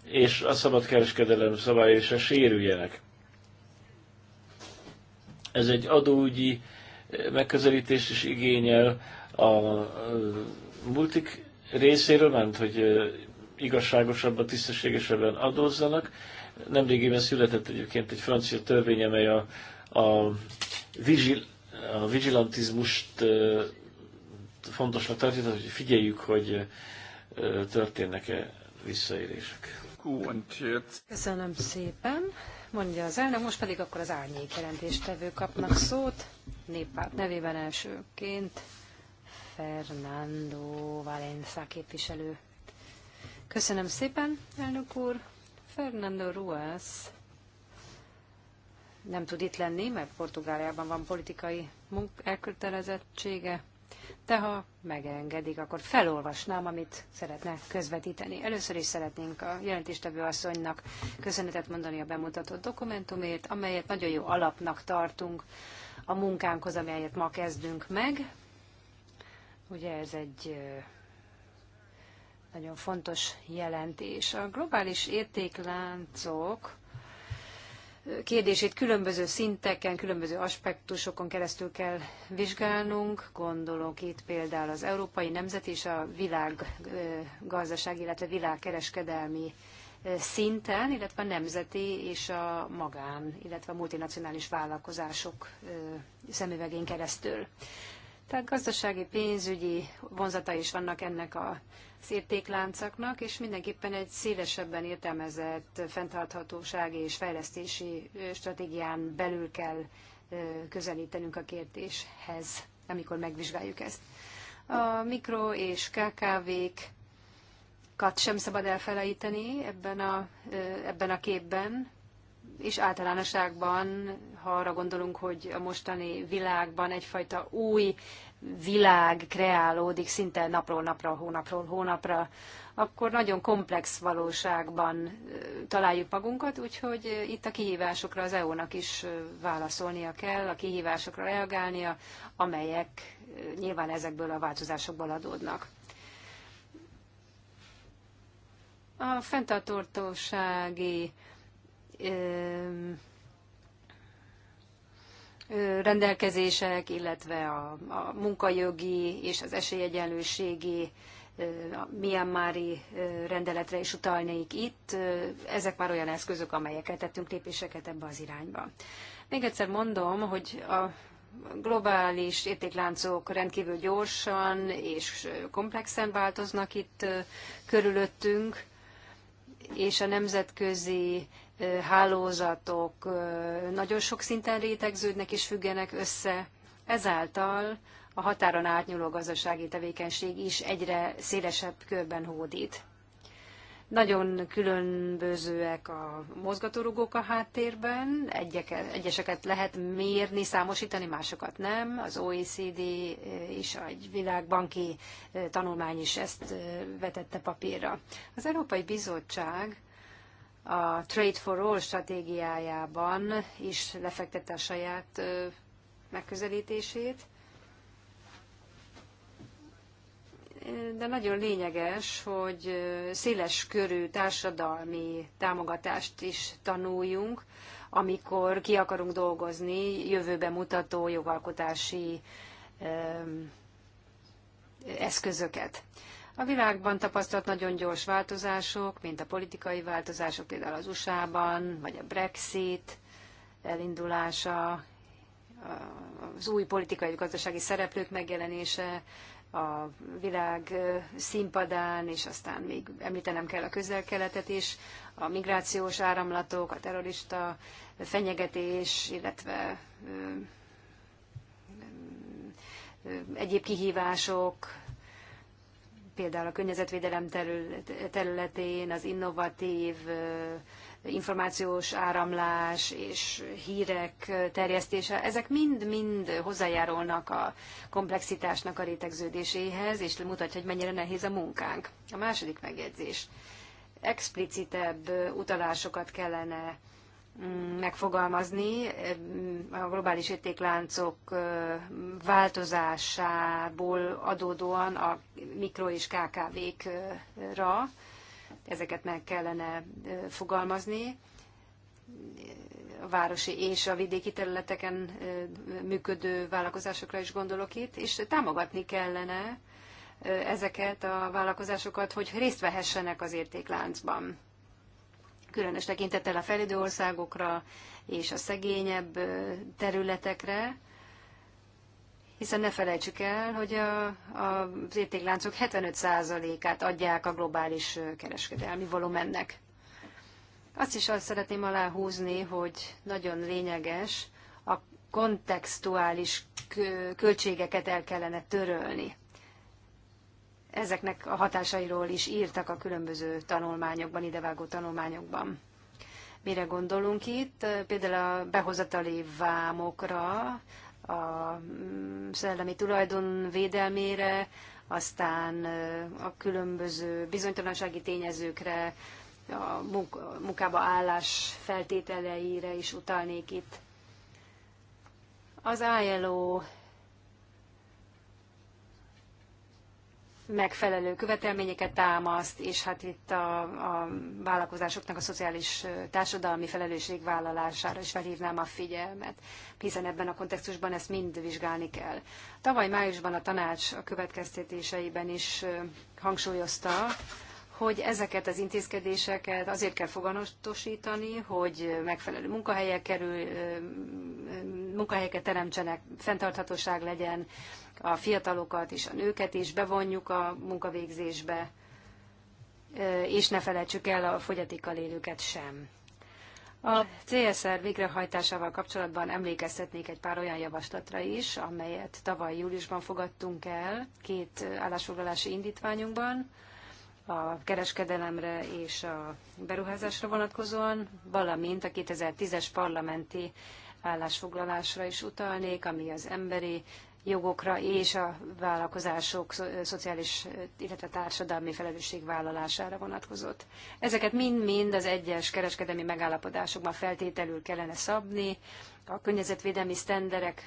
S2: és a szabadkereskedelem szabályai se sérüljenek. Ez egy adóügyi megközelítést is igényel, a multik részéről, mert hogy igazságosabban, tisztességesebben adózzanak. Nemrégében született egyébként egy francia törvény, amely a, a, vigil, a vigilantizmust fontosnak tartja, hogy figyeljük, hogy történnek-e visszaérések.
S3: Köszönöm szépen, mondja az elnök. Most pedig akkor az árnyék jelentéstevő kapnak szót, néppárt nevében elsőként. Fernando Valenza képviselő. Köszönöm szépen, elnök úr. Fernando Ruas nem tud itt lenni, mert Portugáliában van politikai munk- elkötelezettsége, de ha megengedik, akkor felolvasnám, amit szeretne közvetíteni. Először is szeretnénk a jelentéstevő asszonynak köszönetet mondani a bemutatott dokumentumért, amelyet nagyon jó alapnak tartunk a munkánkhoz, amelyet ma kezdünk meg, Ugye ez egy nagyon fontos jelentés. A globális értékláncok kérdését különböző szinteken, különböző aspektusokon keresztül kell vizsgálnunk. Gondolok itt például az európai nemzet és a világgazdaság, illetve világkereskedelmi szinten, illetve a nemzeti és a magán, illetve a multinacionális vállalkozások szemüvegén keresztül. Tehát gazdasági, pénzügyi vonzata is vannak ennek a értékláncaknak, és mindenképpen egy szélesebben értelmezett fenntarthatósági és fejlesztési stratégián belül kell közelítenünk a kérdéshez, amikor megvizsgáljuk ezt. A mikro és KKV-k kat sem szabad elfelejteni ebben a, ebben a képben, és általánosságban, ha arra gondolunk, hogy a mostani világban egyfajta új világ kreálódik szinte napról napra, hónapról hónapra, akkor nagyon komplex valóságban találjuk magunkat, úgyhogy itt a kihívásokra az EU-nak is válaszolnia kell, a kihívásokra reagálnia, amelyek nyilván ezekből a változásokból adódnak. A fenntartósági rendelkezések, illetve a, a munkajogi és az esélyegyenlőségi a Myanmari rendeletre is utalnék itt. Ezek már olyan eszközök, amelyeket tettünk lépéseket ebbe az irányba. Még egyszer mondom, hogy a globális értékláncok rendkívül gyorsan és komplexen változnak itt körülöttünk, és a nemzetközi hálózatok nagyon sok szinten rétegződnek és függenek össze, ezáltal a határon átnyúló gazdasági tevékenység is egyre szélesebb körben hódít. Nagyon különbözőek a mozgatórugók a háttérben, Egyeket, egyeseket lehet mérni, számosítani, másokat nem. Az OECD és egy világbanki tanulmány is ezt vetette papírra. Az Európai Bizottság a Trade for All stratégiájában is lefektette a saját megközelítését. De nagyon lényeges, hogy széles körű társadalmi támogatást is tanuljunk, amikor ki akarunk dolgozni jövőbe mutató jogalkotási eszközöket. A világban tapasztalt nagyon gyors változások, mint a politikai változások például az USA-ban, vagy a Brexit elindulása, az új politikai gazdasági szereplők megjelenése a világ színpadán, és aztán még említenem kell a közel-keletet is, a migrációs áramlatok, a terrorista fenyegetés, illetve egyéb kihívások, például a környezetvédelem területén az innovatív információs áramlás és hírek terjesztése, ezek mind-mind hozzájárulnak a komplexitásnak a rétegződéséhez, és mutatja, hogy mennyire nehéz a munkánk. A második megjegyzés. Explicitebb utalásokat kellene megfogalmazni a globális értékláncok változásából adódóan a mikro és KKV-kra. Ezeket meg kellene fogalmazni. A városi és a vidéki területeken működő vállalkozásokra is gondolok itt, és támogatni kellene ezeket a vállalkozásokat, hogy részt vehessenek az értékláncban különös tekintettel a fejlődő országokra és a szegényebb területekre, hiszen ne felejtsük el, hogy a, a, az értékláncok 75%-át adják a globális kereskedelmi volumennek. Azt is azt szeretném aláhúzni, hogy nagyon lényeges, a kontextuális költségeket el kellene törölni ezeknek a hatásairól is írtak a különböző tanulmányokban, idevágó tanulmányokban. Mire gondolunk itt? Például a behozatali vámokra, a mm, szellemi tulajdon védelmére, aztán a különböző bizonytalansági tényezőkre, a munkába állás feltételeire is utalnék itt. Az ILO megfelelő követelményeket támaszt, és hát itt a, a vállalkozásoknak a szociális társadalmi felelősség vállalására is felhívnám a figyelmet, hiszen ebben a kontextusban ezt mind vizsgálni kell. Tavaly májusban a tanács a következtetéseiben is hangsúlyozta, hogy ezeket az intézkedéseket azért kell foganatosítani, hogy megfelelő munkahelyek kerül, munkahelyeket teremtsenek, fenntarthatóság legyen, a fiatalokat és a nőket is bevonjuk a munkavégzésbe, és ne felejtsük el a fogyatékkal élőket sem. A CSR végrehajtásával kapcsolatban emlékeztetnék egy pár olyan javaslatra is, amelyet tavaly júliusban fogadtunk el két állásfoglalási indítványunkban, a kereskedelemre és a beruházásra vonatkozóan, valamint a 2010-es parlamenti állásfoglalásra is utalnék, ami az emberi jogokra és a vállalkozások szociális, illetve társadalmi felelősségvállalására vonatkozott. Ezeket mind-mind az egyes kereskedelmi megállapodásokban feltételül kellene szabni, a környezetvédelmi sztenderek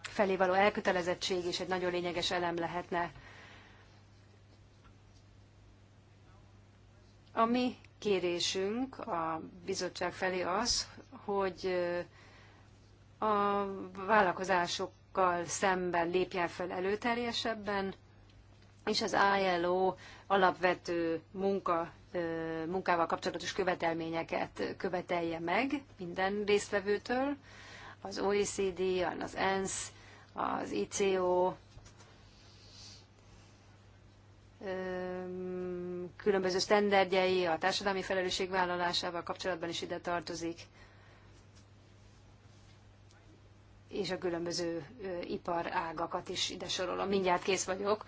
S3: felé való elkötelezettség is egy nagyon lényeges elem lehetne. A mi kérésünk a bizottság felé az, hogy a vállalkozások azokkal szemben lépjen fel előterjesebben, és az ILO alapvető munka, munkával kapcsolatos követelményeket követelje meg minden résztvevőtől, az OECD, az ENSZ, az ICO, különböző sztenderdjei, a társadalmi felelősség vállalásával kapcsolatban is ide tartozik és a különböző iparágakat is ide sorolom. Mindjárt kész vagyok.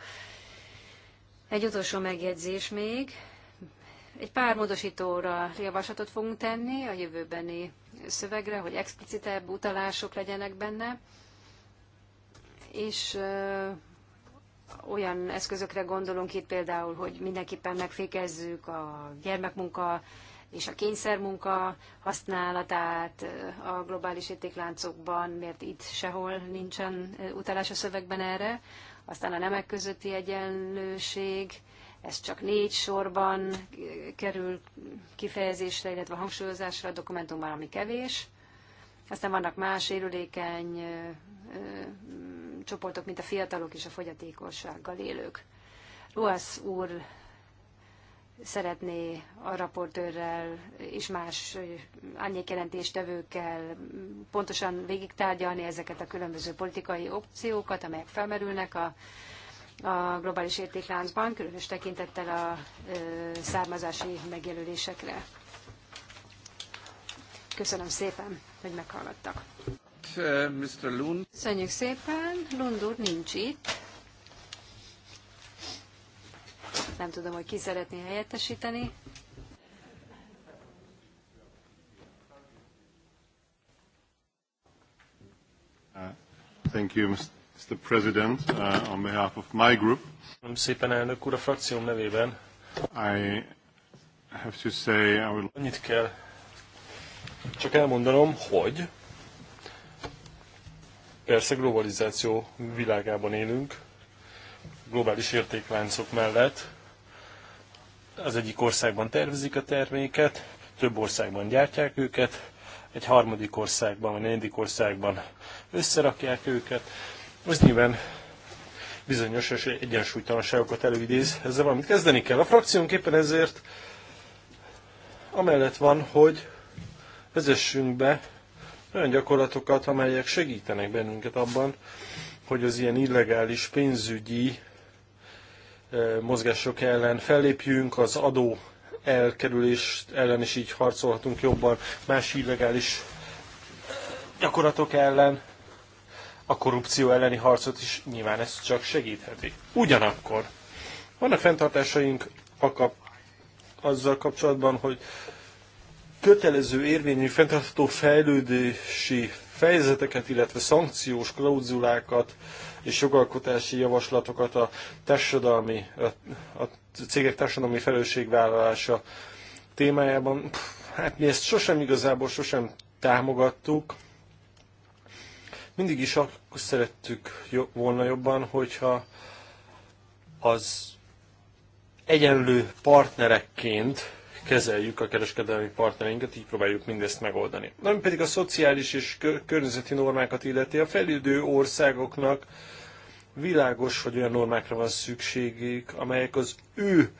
S3: Egy utolsó megjegyzés még. Egy pár módosítóra javaslatot fogunk tenni a jövőbeni szövegre, hogy explicitebb utalások legyenek benne, és ö, olyan eszközökre gondolunk itt például, hogy mindenképpen megfékezzük a gyermekmunka és a kényszermunka használatát a globális értékláncokban, mert itt sehol nincsen utalás a szövegben erre. Aztán a nemek közötti egyenlőség, ez csak négy sorban kerül kifejezésre, illetve hangsúlyozásra a dokumentumban, ami kevés. Aztán vannak más sérülékeny csoportok, mint a fiatalok és a fogyatékossággal élők. Ruasz úr szeretné a raportőrrel és más árnyékjelentéstevőkkel pontosan végigtárgyalni ezeket a különböző politikai opciókat, amelyek felmerülnek a, a globális értékláncban, különös tekintettel a ö, származási megjelölésekre. Köszönöm szépen, hogy meghallgattak.
S1: Mr.
S3: Köszönjük szépen. Lund úr nincs itt. nem tudom, hogy ki szeretné helyettesíteni.
S1: Uh, thank you, Mr. President, uh, on behalf of my group. Köszönöm szépen, elnök úr, a frakcióm nevében. I have to say, I will... Annyit kell csak elmondanom, hogy persze globalizáció világában élünk, globális értékláncok mellett, az egyik országban tervezik a terméket, több országban gyártják őket, egy harmadik országban, vagy negyedik országban összerakják őket. Ez nyilván bizonyos és egyensúlytalanságokat előidéz. Ezzel valamit kezdeni kell. A frakciónk éppen ezért amellett van, hogy vezessünk be olyan gyakorlatokat, amelyek segítenek bennünket abban, hogy az ilyen illegális pénzügyi mozgások ellen fellépjünk, az adó elkerülés ellen is így harcolhatunk jobban, más illegális gyakorlatok ellen, a korrupció elleni harcot is nyilván ez csak segítheti. Ugyanakkor vannak fenntartásaink a kap, azzal kapcsolatban, hogy kötelező érvényű fenntartható fejlődési fejezeteket, illetve szankciós klauzulákat és jogalkotási javaslatokat a társadalmi, a, a cégek társadalmi felelősségvállalása témájában. Hát mi ezt sosem igazából sosem támogattuk. Mindig is akkor szerettük volna jobban, hogyha az egyenlő partnerekként kezeljük a kereskedelmi partnereinket, így próbáljuk mindezt megoldani. Ami pedig a szociális és környezeti normákat illeti, a fejlődő országoknak világos, hogy olyan normákra van szükségük, amelyek az ő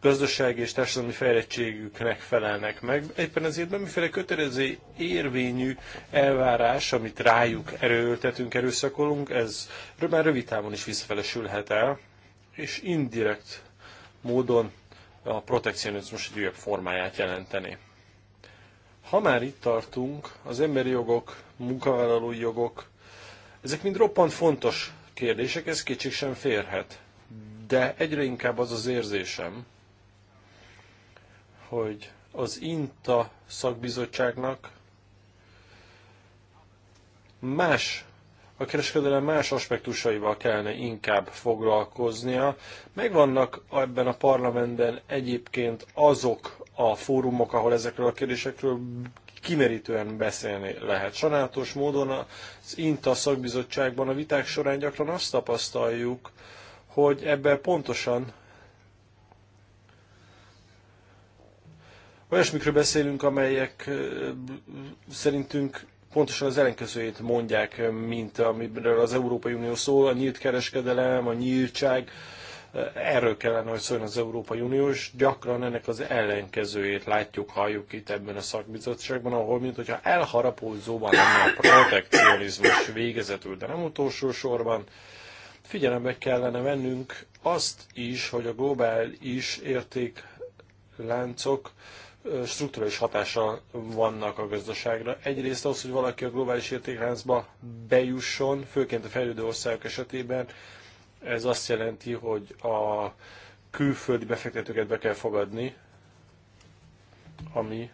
S1: gazdasági és társadalmi fejlettségüknek felelnek meg. Éppen ezért bemiféle kötelező érvényű elvárás, amit rájuk erőltetünk, erőszakolunk, ez már rövid távon is visszafelesülhet el, és indirekt módon a protekcionizmus egy újabb formáját jelenteni. Ha már itt tartunk, az emberi jogok, munkavállalói jogok, ezek mind roppant fontos kérdések, ez kicsik sem férhet. De egyre inkább az az érzésem, hogy az INTA szakbizottságnak más a kereskedelem más aspektusaival kellene inkább foglalkoznia. Megvannak ebben a parlamentben egyébként azok a fórumok, ahol ezekről a kérdésekről kimerítően beszélni lehet. Sanátos módon az INTA szakbizottságban a viták során gyakran azt tapasztaljuk, hogy ebben pontosan olyasmikről beszélünk, amelyek szerintünk pontosan az ellenkezőjét mondják, mint amiről az Európai Unió szól, a nyílt kereskedelem, a nyíltság, erről kellene, hogy szóljon az Európai Unió, és gyakran ennek az ellenkezőjét látjuk, halljuk itt ebben a szakbizottságban, ahol mint hogyha elharapózóban lenne a protekcionizmus végezetül, de nem utolsó sorban. Figyelembe kellene vennünk azt is, hogy a globális értékláncok strukturális hatása vannak a gazdaságra. Egyrészt az, hogy valaki a globális értékláncba bejusson, főként a fejlődő országok esetében, ez azt jelenti, hogy a külföldi befektetőket be kell fogadni, ami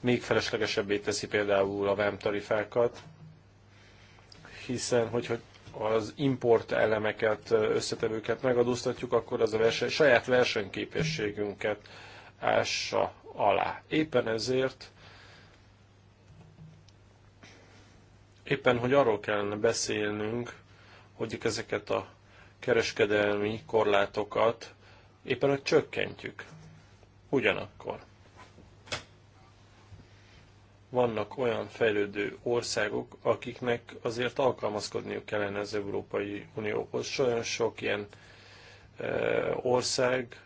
S1: még feleslegesebbé teszi például a VAM tarifákat, hiszen hogyha az import elemeket, összetevőket megadóztatjuk, akkor az a verseny, saját versenyképességünket ássa alá. Éppen ezért éppen, hogy arról kellene beszélnünk, hogy ezeket a kereskedelmi korlátokat éppen, hogy csökkentjük. Ugyanakkor vannak olyan fejlődő országok, akiknek azért alkalmazkodniuk kellene az Európai Unióhoz. Olyan sok ilyen eh, ország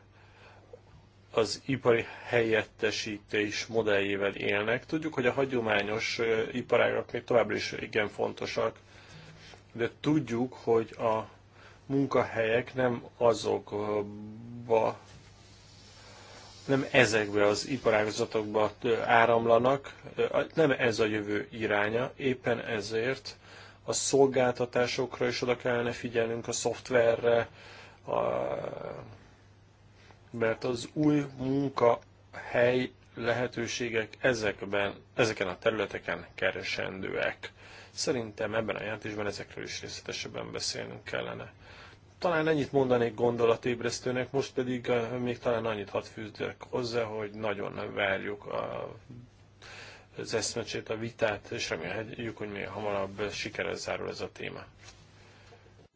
S1: az ipari helyettesítés modelljével élnek. Tudjuk, hogy a hagyományos iparágak még továbbra is igen fontosak, de tudjuk, hogy a munkahelyek nem azokba, nem ezekbe az iparágazatokba áramlanak, nem ez a jövő iránya, éppen ezért a szolgáltatásokra is oda kellene figyelnünk, a szoftverre, a mert az új munkahely lehetőségek ezekben, ezeken a területeken keresendőek. Szerintem ebben a jelentésben ezekről is részletesebben beszélnünk kellene. Talán ennyit mondanék gondolatébresztőnek, most pedig eh, még talán annyit hadd fűzdek hozzá, hogy nagyon várjuk a, az eszmecsét, a vitát, és remélhetjük, hogy még hamarabb sikerrel zárul ez a téma.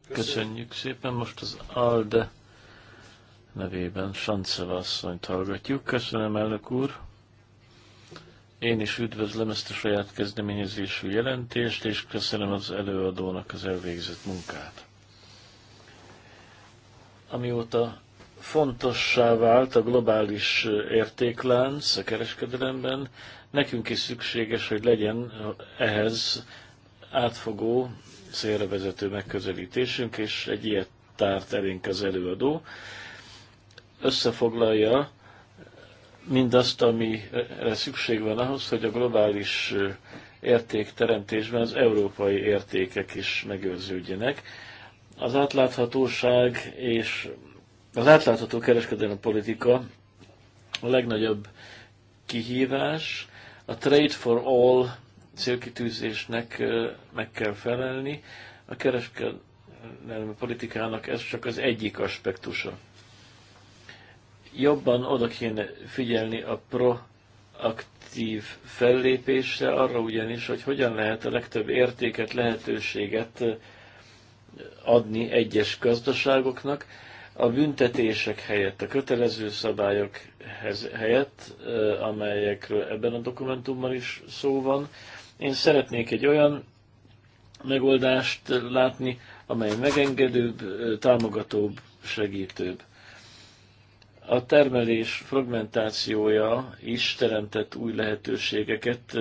S1: Köszönjük
S2: szépen, most az ALDE nevében Sanceva asszonyt hallgatjuk. Köszönöm, elnök úr! Én is üdvözlöm ezt a saját kezdeményezésű jelentést, és köszönöm az előadónak az elvégzett munkát. Amióta fontossá vált a globális értéklánc a kereskedelemben, nekünk is szükséges, hogy legyen ehhez átfogó, célra vezető megközelítésünk, és egy ilyet tárt elénk az előadó összefoglalja mindazt, amire szükség van ahhoz, hogy a globális értékteremtésben az európai értékek is megőrződjenek. Az átláthatóság és az átlátható kereskedelmi politika a legnagyobb kihívás. A Trade for All célkitűzésnek meg kell felelni. A kereskedelmi politikának ez csak az egyik aspektusa jobban oda kéne figyelni a proaktív fellépésre, arra ugyanis, hogy hogyan lehet a legtöbb értéket, lehetőséget adni egyes gazdaságoknak, a büntetések helyett, a kötelező szabályok helyett, amelyekről ebben a dokumentumban is szó van, én szeretnék egy olyan megoldást látni, amely megengedőbb, támogatóbb, segítőbb. A termelés fragmentációja is teremtett új lehetőségeket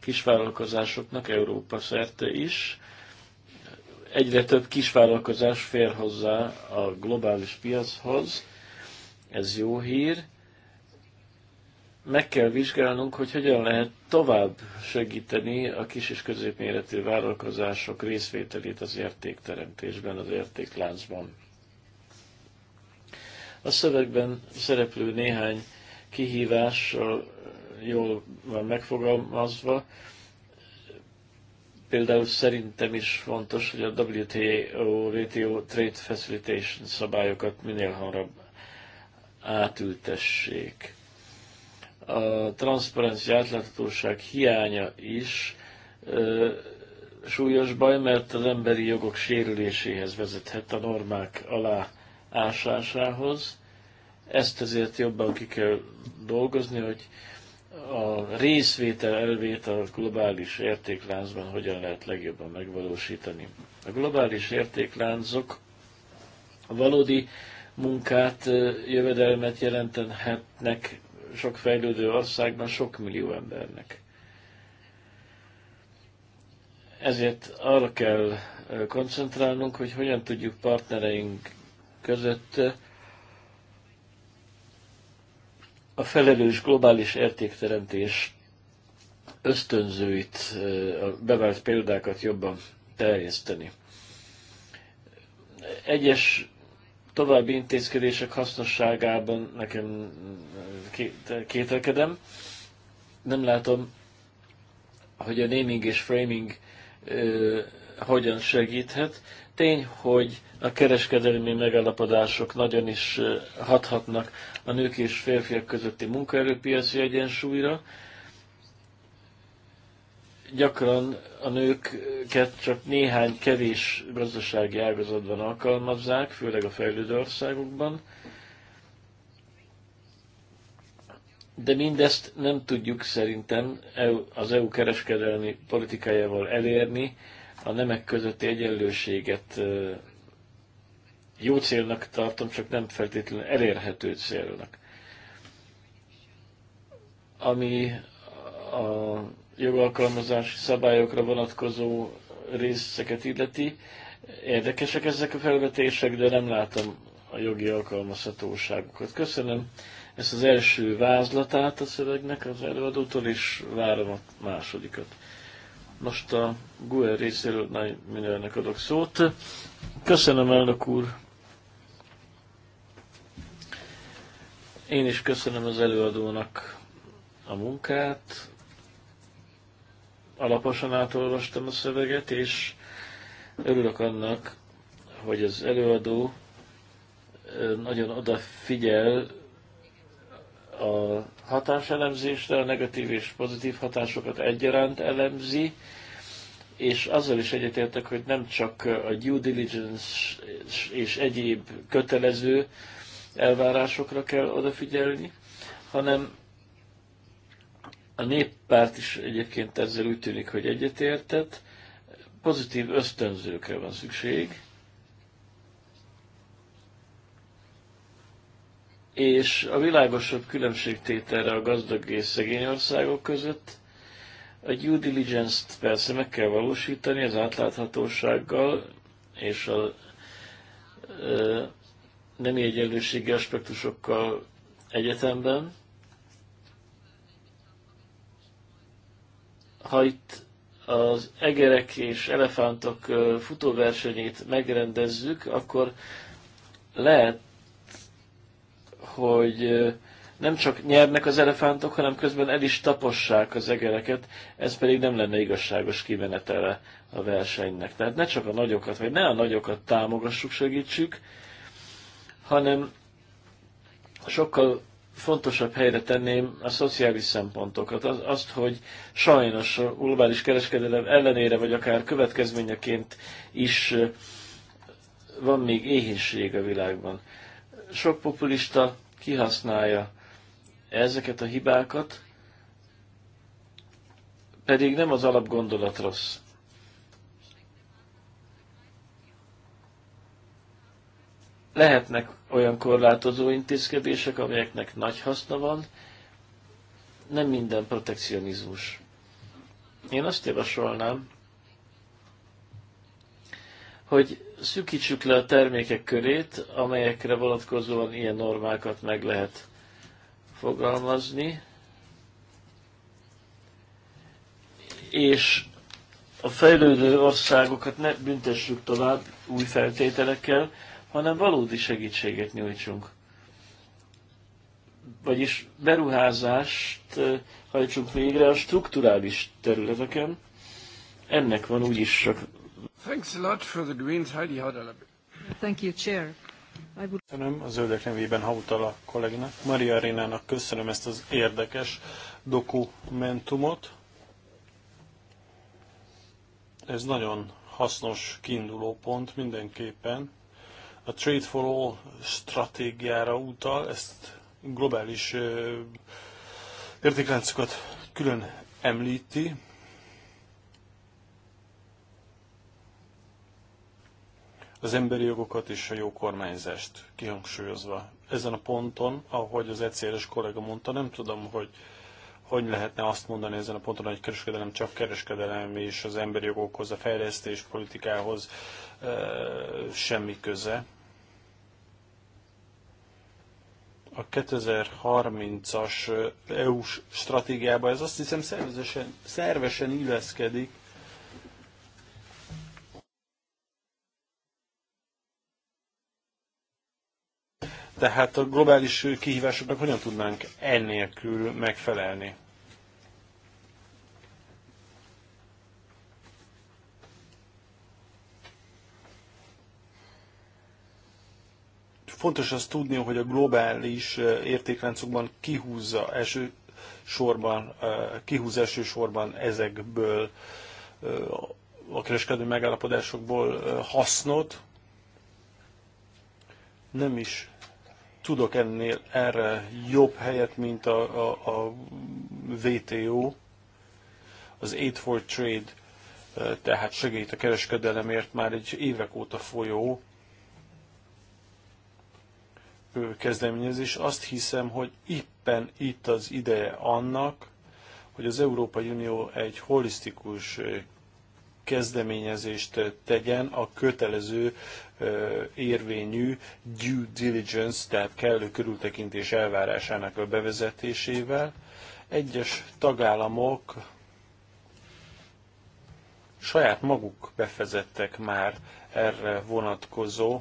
S2: kisvállalkozásoknak Európa szerte is. Egyre több kisvállalkozás fér hozzá a globális piachoz, ez jó hír. Meg kell vizsgálnunk, hogy hogyan lehet tovább segíteni a kis és középméretű vállalkozások részvételét az értékteremtésben, az értékláncban a szövegben szereplő néhány kihívás eh, jól van megfogalmazva, például szerintem is fontos, hogy a WTO, WTO Trade Facilitation szabályokat minél hamarabb átültessék. A transzparencia átláthatóság hiánya is ö, eh, súlyos baj, mert az emberi jogok sérüléséhez vezethet a normák alá ásásához. Ezt ezért jobban ki kell dolgozni, hogy a részvétel elvét a globális értékláncban hogyan lehet legjobban megvalósítani. A globális értékláncok valódi munkát, jövedelmet jelentenhetnek sok fejlődő országban sok millió embernek. Ezért arra kell koncentrálnunk, hogy hogyan tudjuk partnereink között eh, a felelős globális értékteremtés ösztönzőit, eh, a bevált példákat jobban terjeszteni. Egyes további intézkedések hasznosságában nekem eh, kételkedem. Nem látom, hogy a naming és framing hogyan segíthet. Tény, hogy a kereskedelmi megállapodások nagyon is hathatnak a nők és férfiak közötti munkaerőpiaci egyensúlyra. Gyakran a nőket csak néhány kevés gazdasági ágazatban alkalmazzák, főleg a fejlődő országokban, de mindezt nem tudjuk szerintem az EU kereskedelmi politikájával elérni, a nemek közötti egyenlőséget jó célnak tartom, csak nem feltétlenül elérhető célnak. Ami a jogalkalmazási szabályokra vonatkozó részeket illeti, érdekesek ezek a felvetések, de nem látom a jogi alkalmazhatóságukat. Köszönöm ezt az első vázlatát a szövegnek az előadótól, és várom a másodikat. Most a GUE részéről nagy mindenek adok szót. Köszönöm, elnök úr! Én is köszönöm az előadónak a munkát. Alaposan átolvastam a szöveget, és örülök annak, hogy az előadó eh, nagyon odafigyel a hatáselemzésre a negatív és pozitív hatásokat egyaránt elemzi, és azzal is egyetértek, hogy nem csak a due diligence és egyéb kötelező elvárásokra kell odafigyelni, hanem a néppárt is egyébként ezzel úgy tűnik, hogy egyetértett, pozitív ösztönzőkre van szükség, és a világosabb különbségtételre a gazdag és szegény országok között. A due diligence-t persze meg kell valósítani az átláthatósággal és a e, nemi egyenlőségi aspektusokkal egyetemben. Ha itt az egerek és elefántok futóversenyét megrendezzük, akkor lehet hogy nem csak nyernek az elefántok, hanem közben el is tapossák az egereket, ez pedig nem lenne igazságos kimenetele a versenynek. Tehát ne csak a nagyokat, vagy ne a nagyokat támogassuk, segítsük, hanem sokkal fontosabb helyre tenném a szociális szempontokat. Az, azt, hogy sajnos a globális kereskedelem ellenére, vagy akár következményeként is van még éhénység a világban sok populista kihasználja ezeket a hibákat, pedig nem az alapgondolat rossz. Lehetnek olyan korlátozó intézkedések, amelyeknek nagy haszna van, nem minden protekcionizmus. Én azt javasolnám, hogy szűkítsük le a termékek körét, amelyekre vonatkozóan ilyen normákat meg lehet fogalmazni, és a fejlődő országokat ne büntessük tovább új feltételekkel, hanem valódi segítséget nyújtsunk. Vagyis beruházást hajtsunk végre a strukturális területeken. Ennek van úgyis csak Thanks
S1: a lot for the Greens, Heidi Haudala. Thank you, Chair. Would... Köszönöm a zöldek nevében Hautala kolléginak. Maria Arénának köszönöm ezt az érdekes dokumentumot. Ez nagyon hasznos kiinduló pont mindenképpen. A Trade for All stratégiára utal, ezt globális értékláncokat külön említi, az emberi jogokat és a jó kormányzást kihangsúlyozva. Ezen a ponton, ahogy az egyszeres kollega mondta, nem tudom, hogy hogy lehetne azt mondani ezen a ponton, hogy kereskedelem csak kereskedelem, és az emberi jogokhoz, a fejlesztés politikához e, semmi köze. A 2030-as EU-s e stratégiába ez azt hiszem szervesen, szervesen illeszkedik, Tehát a globális kihívásoknak hogyan tudnánk ennélkül megfelelni? Fontos azt tudni, hogy a globális értékláncokban kihúzza első sorban, kihúz első sorban ezekből a kereskedő megállapodásokból hasznot, nem is tudok ennél erre jobb helyet, mint a, a, a VTO, az Aid for Trade, tehát segít a kereskedelemért már egy évek óta folyó kezdeményezés. Azt hiszem, hogy éppen itt az ideje annak, hogy az Európai Unió egy holisztikus kezdeményezést tegyen a kötelező érvényű due diligence, tehát kellő körültekintés elvárásának a bevezetésével. Egyes tagállamok saját maguk befezettek már erre vonatkozó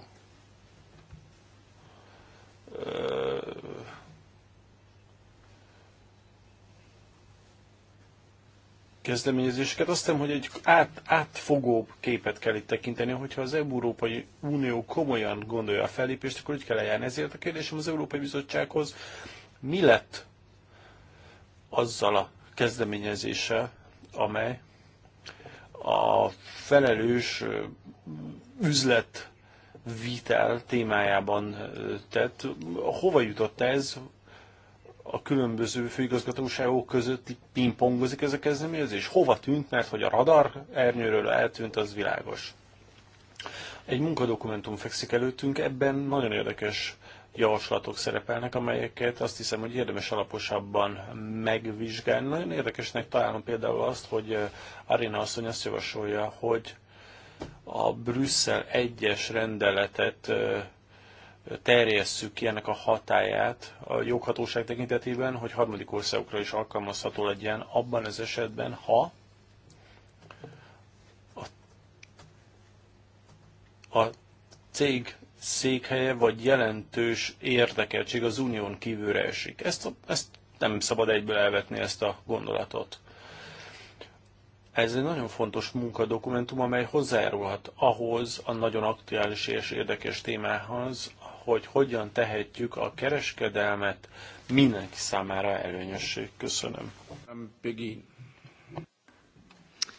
S1: kezdeményezéseket. Azt hiszem, hogy egy át, átfogóbb képet kell itt tekinteni, hogyha az Európai Unió komolyan gondolja a fellépést, akkor úgy kell eljárni. Ezért a kérdésem az Európai Bizottsághoz, mi lett azzal a kezdeményezéssel, amely a felelős üzlet vitel témájában tett. Hova jutott ez? a különböző főigazgatóságok között pingpongozik ez a kezdeményezés. Hova tűnt, mert hogy a radar ernyőről eltűnt, az világos. Egy munkadokumentum fekszik előttünk, ebben nagyon érdekes javaslatok szerepelnek, amelyeket azt hiszem, hogy érdemes alaposabban megvizsgálni. Nagyon érdekesnek találom például azt, hogy eh, Arina asszony azt javasolja, hogy a Brüsszel egyes rendeletet eh, terjesszük ki ennek a hatáját a joghatóság tekintetében, hogy harmadik országokra is alkalmazható legyen abban az esetben, ha a, a cég székhelye vagy jelentős érdekeltség az unión kívülre esik. Ezt, a, ezt nem szabad egyből elvetni ezt a gondolatot. Ez egy nagyon fontos munkadokumentum, amely hozzájárulhat ahhoz a nagyon aktuális és érdekes témához, hogy hogyan tehetjük a kereskedelmet mindenki számára előnyösség. Köszönöm. Um, Peggy.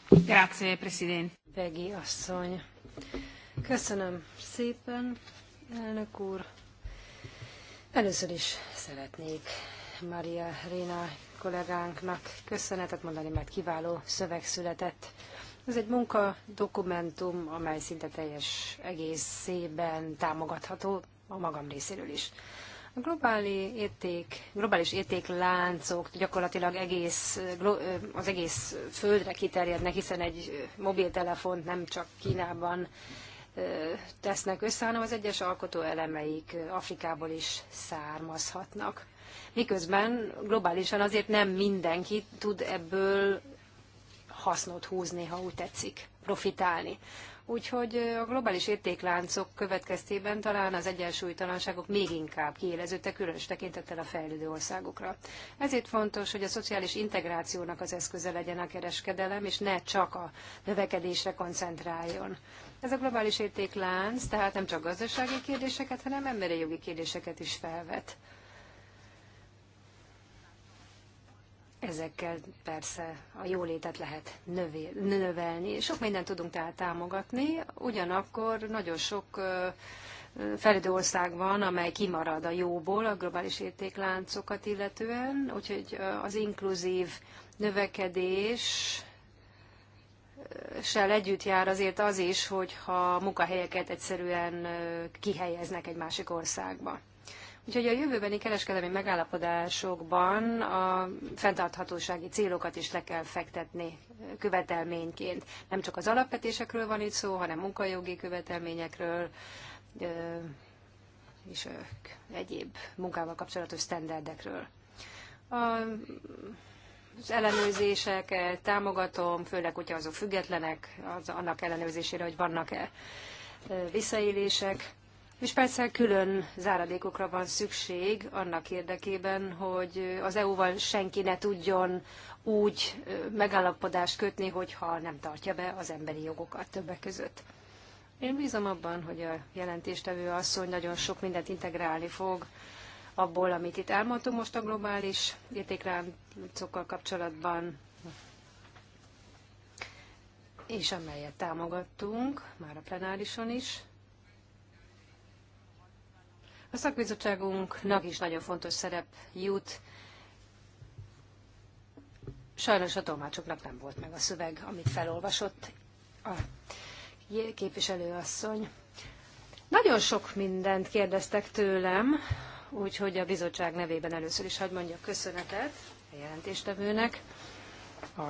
S3: Grazie, President. Peggy asszony. Köszönöm szépen, elnök úr. Először is szeretnék Maria Réna kollégánknak köszönetet mondani, mert kiváló szöveg született. Ez egy munkadokumentum, amely szinte teljes egészében támogatható a magam részéről is. A globális, érték, globális értékláncok gyakorlatilag egész, az egész földre kiterjednek, hiszen egy mobiltelefont nem csak Kínában tesznek össze, hanem az egyes alkotó elemeik Afrikából is származhatnak. Miközben globálisan azért nem mindenki tud ebből hasznot húzni, ha úgy tetszik, profitálni. Úgyhogy a globális értékláncok következtében talán az egyensúlytalanságok még inkább kiéleződtek, különös tekintettel a fejlődő országokra. Ezért fontos, hogy a szociális integrációnak az eszköze legyen a kereskedelem, és ne csak a növekedésre koncentráljon. Ez a globális értéklánc tehát nem csak gazdasági kérdéseket, hanem emberi jogi kérdéseket is felvet. ezekkel persze a jólétet lehet növél, növelni. Sok mindent tudunk tehát támogatni, ugyanakkor nagyon sok fejlődő ország van, amely kimarad a jóból, a globális értékláncokat illetően, úgyhogy az inkluzív növekedés sel együtt jár azért az is, hogyha munkahelyeket egyszerűen kihelyeznek egy másik országba. Úgyhogy a jövőbeni kereskedelmi megállapodásokban a fenntarthatósági célokat is le kell fektetni követelményként. Nem csak az alapvetésekről van itt szó, hanem munkajogi követelményekről és egyéb munkával kapcsolatos sztenderdekről. Az ellenőrzéseket támogatom, főleg, hogyha azok függetlenek, az annak ellenőrzésére, hogy vannak-e visszaélések és persze külön záradékokra van szükség annak érdekében, hogy az EU-val senki ne tudjon úgy megállapodást kötni, hogyha nem tartja be az emberi jogokat többek között. Én bízom abban, hogy a jelentéstevő asszony nagyon sok mindent integrálni fog abból, amit itt elmondtunk most a globális értékláncokkal kapcsolatban, és amelyet támogattunk már a plenárison is. A szakbizottságunknak is nagyon fontos szerep jut. Sajnos a tolmácsoknak nem volt meg a szöveg, amit felolvasott a képviselőasszony. Nagyon sok mindent kérdeztek tőlem, úgyhogy a bizottság nevében először is hagyd mondjak köszönetet a jelentéstevőnek a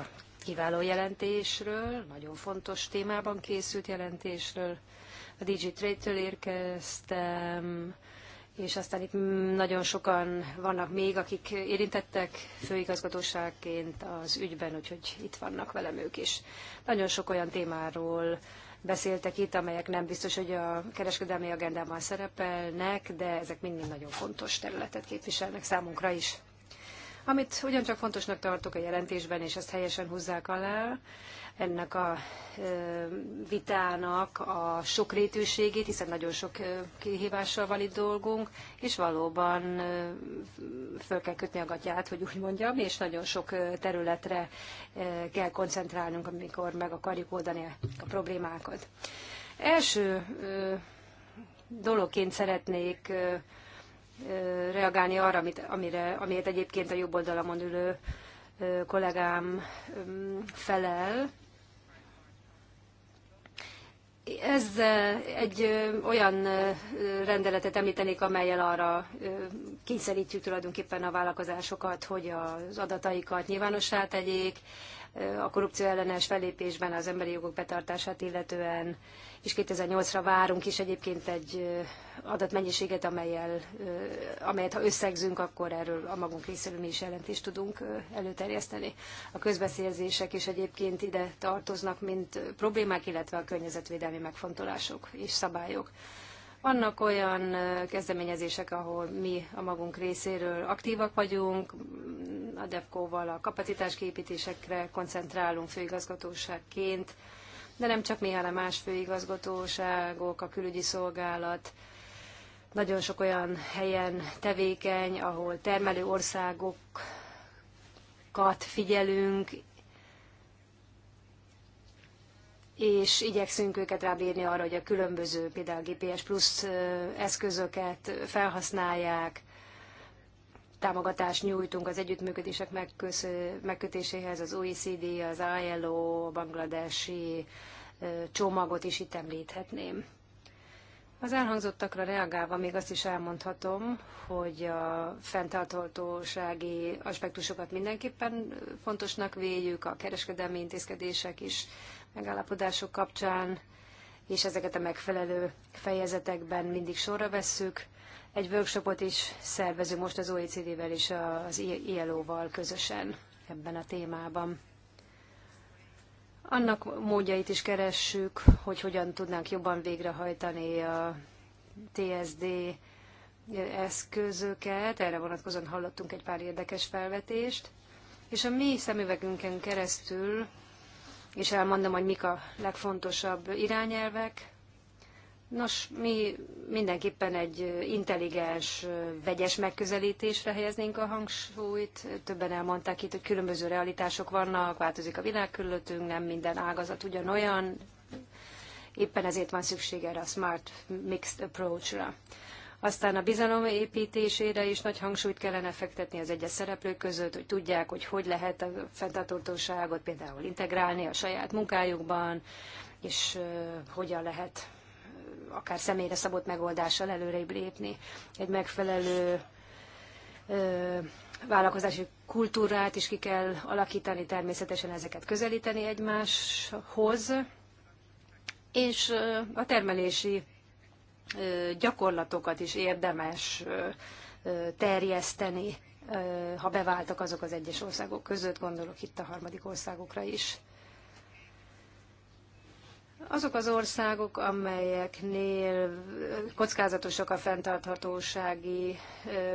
S3: kiváló jelentésről, nagyon fontos témában készült jelentésről. A DG Trade-től érkeztem, és aztán itt nagyon sokan vannak még, akik érintettek főigazgatóságként az ügyben, úgyhogy itt vannak velem ők is. Nagyon sok olyan témáról beszéltek itt, amelyek nem biztos, hogy a kereskedelmi agendában szerepelnek, de ezek mind-mind nagyon fontos területet képviselnek számunkra is. Amit ugyancsak fontosnak tartok a jelentésben, és ezt helyesen húzzák alá, ennek a vitának a sokrétűségét, hiszen nagyon sok kihívással van itt dolgunk, és valóban föl kell kötni a gatyát, hogy úgy mondjam, és nagyon sok területre kell koncentrálnunk, amikor meg akarjuk oldani a problémákat. Első dologként szeretnék reagálni arra, amit, amire, amiért egyébként a jobb oldalamon ülő kollégám felel, ez egy olyan rendeletet említenék, amelyel arra kényszerítjük tulajdonképpen a vállalkozásokat, hogy az adataikat nyilvánossá tegyék, a korrupció ellenes fellépésben az emberi jogok betartását illetően, és 2008-ra várunk is egyébként egy adatmennyiséget, amelyel, amelyet ha összegzünk, akkor erről a magunk részéről mi is jelentést tudunk előterjeszteni. A közbeszélzések is egyébként ide tartoznak, mint problémák, illetve a környezetvédelmi megfontolások és szabályok. Vannak olyan kezdeményezések, ahol mi a magunk részéről aktívak vagyunk, a DEFCO-val a kapacitásképítésekre koncentrálunk főigazgatóságként, de nem csak mi, hanem más főigazgatóságok, a külügyi szolgálat, nagyon sok olyan helyen tevékeny, ahol termelő országokat figyelünk, és igyekszünk őket rábírni arra, hogy a különböző például GPS plusz eszközöket felhasználják, támogatást nyújtunk az együttműködések megkötéséhez, az OECD, az ILO, a bangladesi csomagot is itt említhetném. Az elhangzottakra reagálva még azt is elmondhatom, hogy a fenntarthatósági aspektusokat mindenképpen fontosnak véljük, a kereskedelmi intézkedések is megállapodások kapcsán, és ezeket a megfelelő fejezetekben mindig sorra vesszük. Egy workshopot is szervezünk most az OECD-vel és az ILO-val közösen ebben a témában. Annak módjait is keressük, hogy hogyan tudnánk jobban végrehajtani a TSD eszközöket, erre vonatkozóan hallottunk egy pár érdekes felvetést, és a mi szemüvegünken keresztül és elmondom, hogy mik a legfontosabb irányelvek. Nos, mi mindenképpen egy intelligens, vegyes megközelítésre helyeznénk a hangsúlyt. Többen elmondták itt, hogy különböző realitások vannak, változik a világ körülöttünk, nem minden ágazat ugyanolyan. Éppen ezért van szükség erre a smart mixed approach-ra. Aztán a bizalom építésére is nagy hangsúlyt kellene fektetni az egyes szereplők között, hogy tudják, hogy hogy lehet a fenntartóságot például integrálni a saját munkájukban, és hogyan lehet akár személyre szabott megoldással előrébb lépni. Egy megfelelő vállalkozási kultúrát is ki kell alakítani, természetesen ezeket közelíteni egymáshoz, és a termelési gyakorlatokat is érdemes terjeszteni, ha beváltak azok az egyes országok között, gondolok itt a harmadik országokra is. Azok az országok, amelyeknél kockázatosak a fenntarthatósági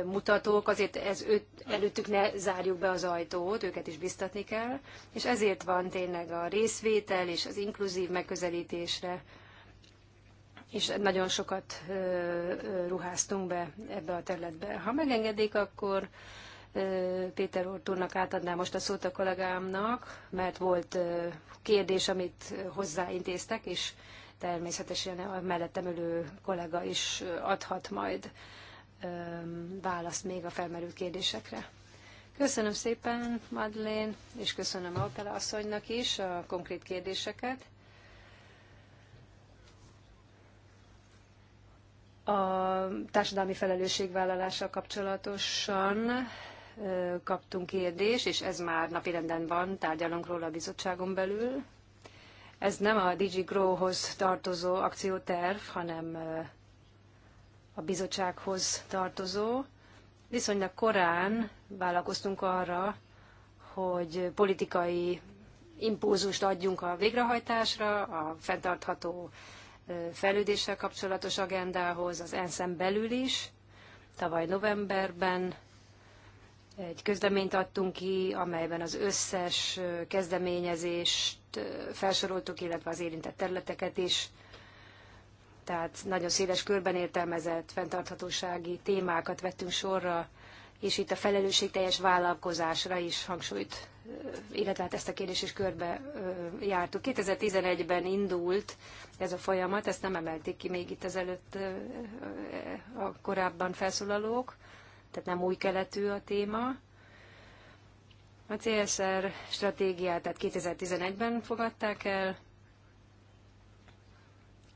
S3: mutatók, azért ez öt, előttük ne zárjuk be az ajtót, őket is biztatni kell, és ezért van tényleg a részvétel és az inkluzív megközelítésre és nagyon sokat ruháztunk be ebbe a területbe. Ha megengedik, akkor Péter úrnak átadnám most a szót a kollégámnak, mert volt kérdés, amit hozzáintéztek, és természetesen a mellettem ülő kollega is adhat majd választ még a felmerült kérdésekre. Köszönöm szépen, Madeleine, és köszönöm a asszonynak is a konkrét kérdéseket. a társadalmi felelősségvállalással kapcsolatosan kaptunk kérdést, és ez már napirenden van, tárgyalunk róla a bizottságon belül. Ez nem a DigiGrow-hoz tartozó akcióterv, hanem a bizottsághoz tartozó. Viszonylag korán vállalkoztunk arra, hogy politikai impulzust adjunk a végrehajtásra, a fenntartható fejlődéssel kapcsolatos agendához, az ensz belül is. Tavaly novemberben egy közleményt adtunk ki, amelyben az összes kezdeményezést felsoroltuk, illetve az érintett területeket is. Tehát nagyon széles körben értelmezett fenntarthatósági témákat vettünk sorra, és itt a felelősségteljes vállalkozásra is hangsúlyt, illetve hát ezt a kérdést is körbe jártuk. 2011-ben indult ez a folyamat, ezt nem emelték ki még itt ezelőtt a korábban felszólalók, tehát nem új keletű a téma. A CSR stratégiát tehát 2011-ben fogadták el,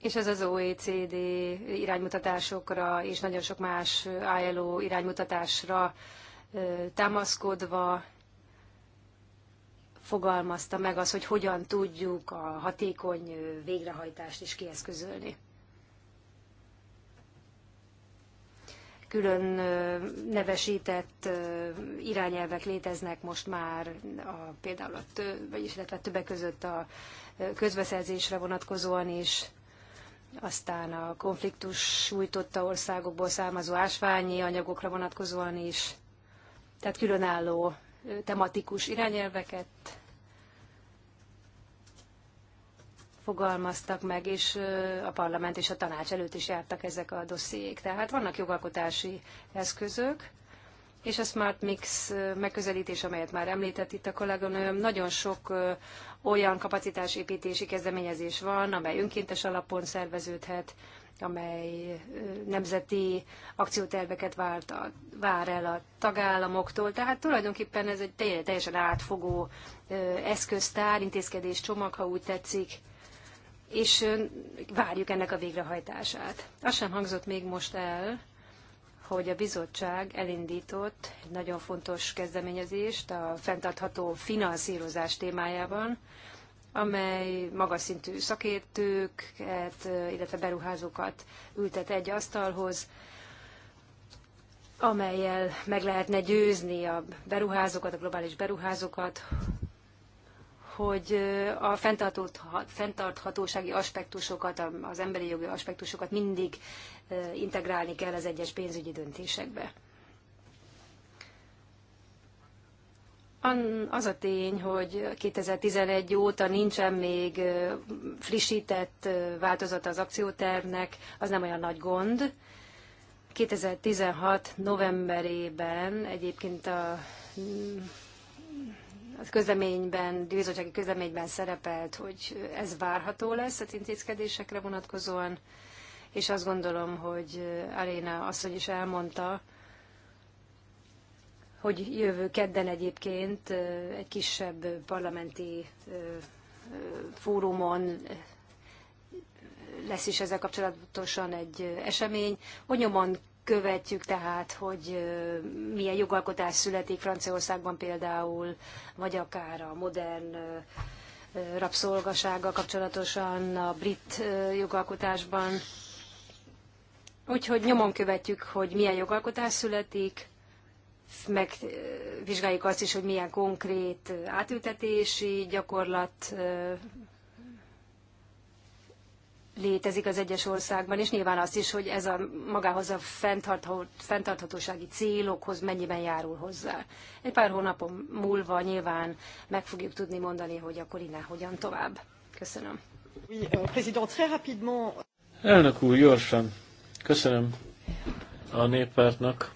S3: és ez az OECD iránymutatásokra és nagyon sok más ILO iránymutatásra támaszkodva fogalmazta meg az, hogy hogyan tudjuk a hatékony végrehajtást is kieszközölni. Külön nevesített irányelvek léteznek most már, a, például a, vagyis, illetve többek között a közbeszerzésre vonatkozóan is, aztán a konfliktus sújtotta országokból származó ásványi anyagokra vonatkozóan is, tehát különálló tematikus irányelveket fogalmaztak meg, és a parlament és a tanács előtt is jártak ezek a dossziék. Tehát vannak jogalkotási eszközök, és a Smart Mix megközelítés, amelyet már említett itt a kolléganőm, nagyon sok olyan kapacitásépítési kezdeményezés van, amely önkéntes alapon szerveződhet, amely nemzeti akcióterveket várt a, vár el a tagállamoktól. Tehát tulajdonképpen ez egy teljesen átfogó eszköztár, intézkedés csomag, ha úgy tetszik, és várjuk ennek a végrehajtását. Azt sem hangzott még most el, hogy a bizottság elindított egy nagyon fontos kezdeményezést a fenntartható finanszírozás témájában, amely magas szintű szakértőket, illetve beruházókat ültet egy asztalhoz, amelyel meg lehetne győzni a beruházókat, a globális beruházókat hogy a fenntarthatósági aspektusokat, az emberi jogi aspektusokat mindig integrálni kell az egyes pénzügyi döntésekbe. Az a tény, hogy 2011 óta nincsen még frissített változata az akciótervnek, az nem olyan nagy gond. 2016 novemberében egyébként a a közleményben, bizottsági közleményben szerepelt, hogy ez várható lesz az intézkedésekre vonatkozóan, és azt gondolom, hogy Aréna asszony is elmondta, hogy jövő kedden egyébként egy kisebb parlamenti fórumon lesz is ezzel kapcsolatosan egy esemény, hogy nyomon követjük tehát, hogy milyen jogalkotás születik Franciaországban például, vagy akár a modern rabszolgasággal kapcsolatosan a brit jogalkotásban. Úgyhogy nyomon követjük, hogy milyen jogalkotás születik, megvizsgáljuk azt is, hogy milyen konkrét átültetési gyakorlat létezik az egyes országban, és nyilván azt is, hogy ez a magához a fenntarthatósági célokhoz mennyiben járul hozzá. Egy pár hónapon múlva nyilván meg fogjuk tudni mondani, hogy akkor innen hogyan tovább. Köszönöm.
S2: Euh, Elnök úr, gyorsan. Köszönöm a néppártnak,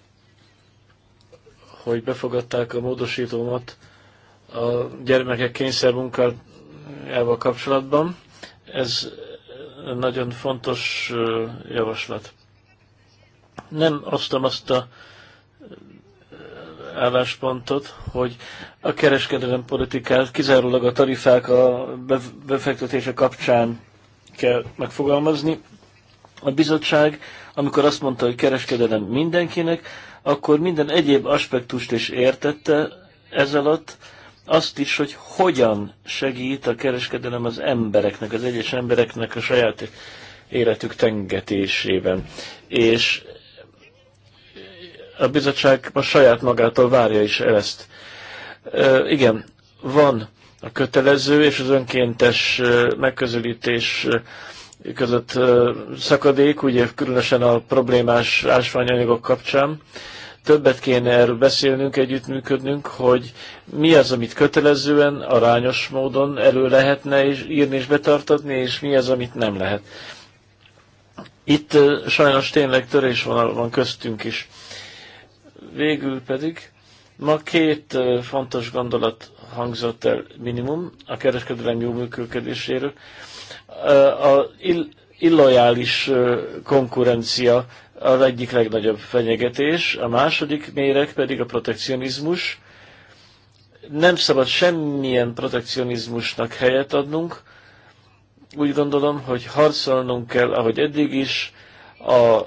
S2: hogy befogadták a módosítómat a gyermekek kényszermunkájával kapcsolatban. Ez nagyon fontos javaslat. Nem osztom azt a álláspontot, hogy a kereskedelem politikát kizárólag a tarifák a befektetése kapcsán kell megfogalmazni. A bizottság, amikor azt mondta, hogy kereskedelem mindenkinek, akkor minden egyéb aspektust is értette ez alatt, azt is, hogy hogyan segít a kereskedelem az embereknek, az egyes embereknek a saját életük tengetésében. És a bizottság a saját magától várja is el ezt. E, igen, van a kötelező és az önkéntes megközelítés között szakadék, ugye különösen a problémás ásványanyagok kapcsán. E, Többet kéne erről beszélnünk, együttműködnünk, hogy mi az, amit kötelezően, arányos módon elő lehetne és írni és betartatni, és mi az, amit nem lehet. Itt sajnos tényleg törésvonal van köztünk is. Végül pedig ma két fontos gondolat hangzott el minimum a kereskedelem jó működéséről. A illojális konkurencia az egyik legnagyobb fenyegetés, a második méreg pedig a protekcionizmus. Nem szabad semmilyen protekcionizmusnak helyet adnunk. Úgy gondolom, hogy harcolnunk kell, ahogy eddig is, a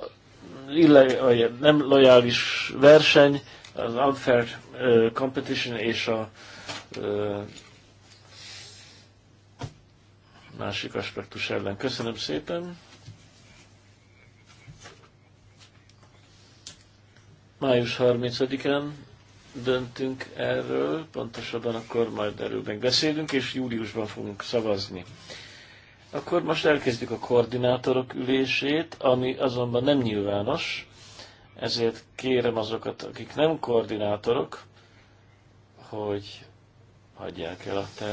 S2: nem lojális verseny, az unfair competition és a másik aspektus ellen. Köszönöm szépen! Május 30-án döntünk erről, pontosabban akkor majd erről megbeszélünk, és júliusban fogunk szavazni. Akkor most elkezdjük a koordinátorok ülését, ami azonban nem nyilvános, ezért kérem azokat, akik nem koordinátorok, hogy hagyják el a termet.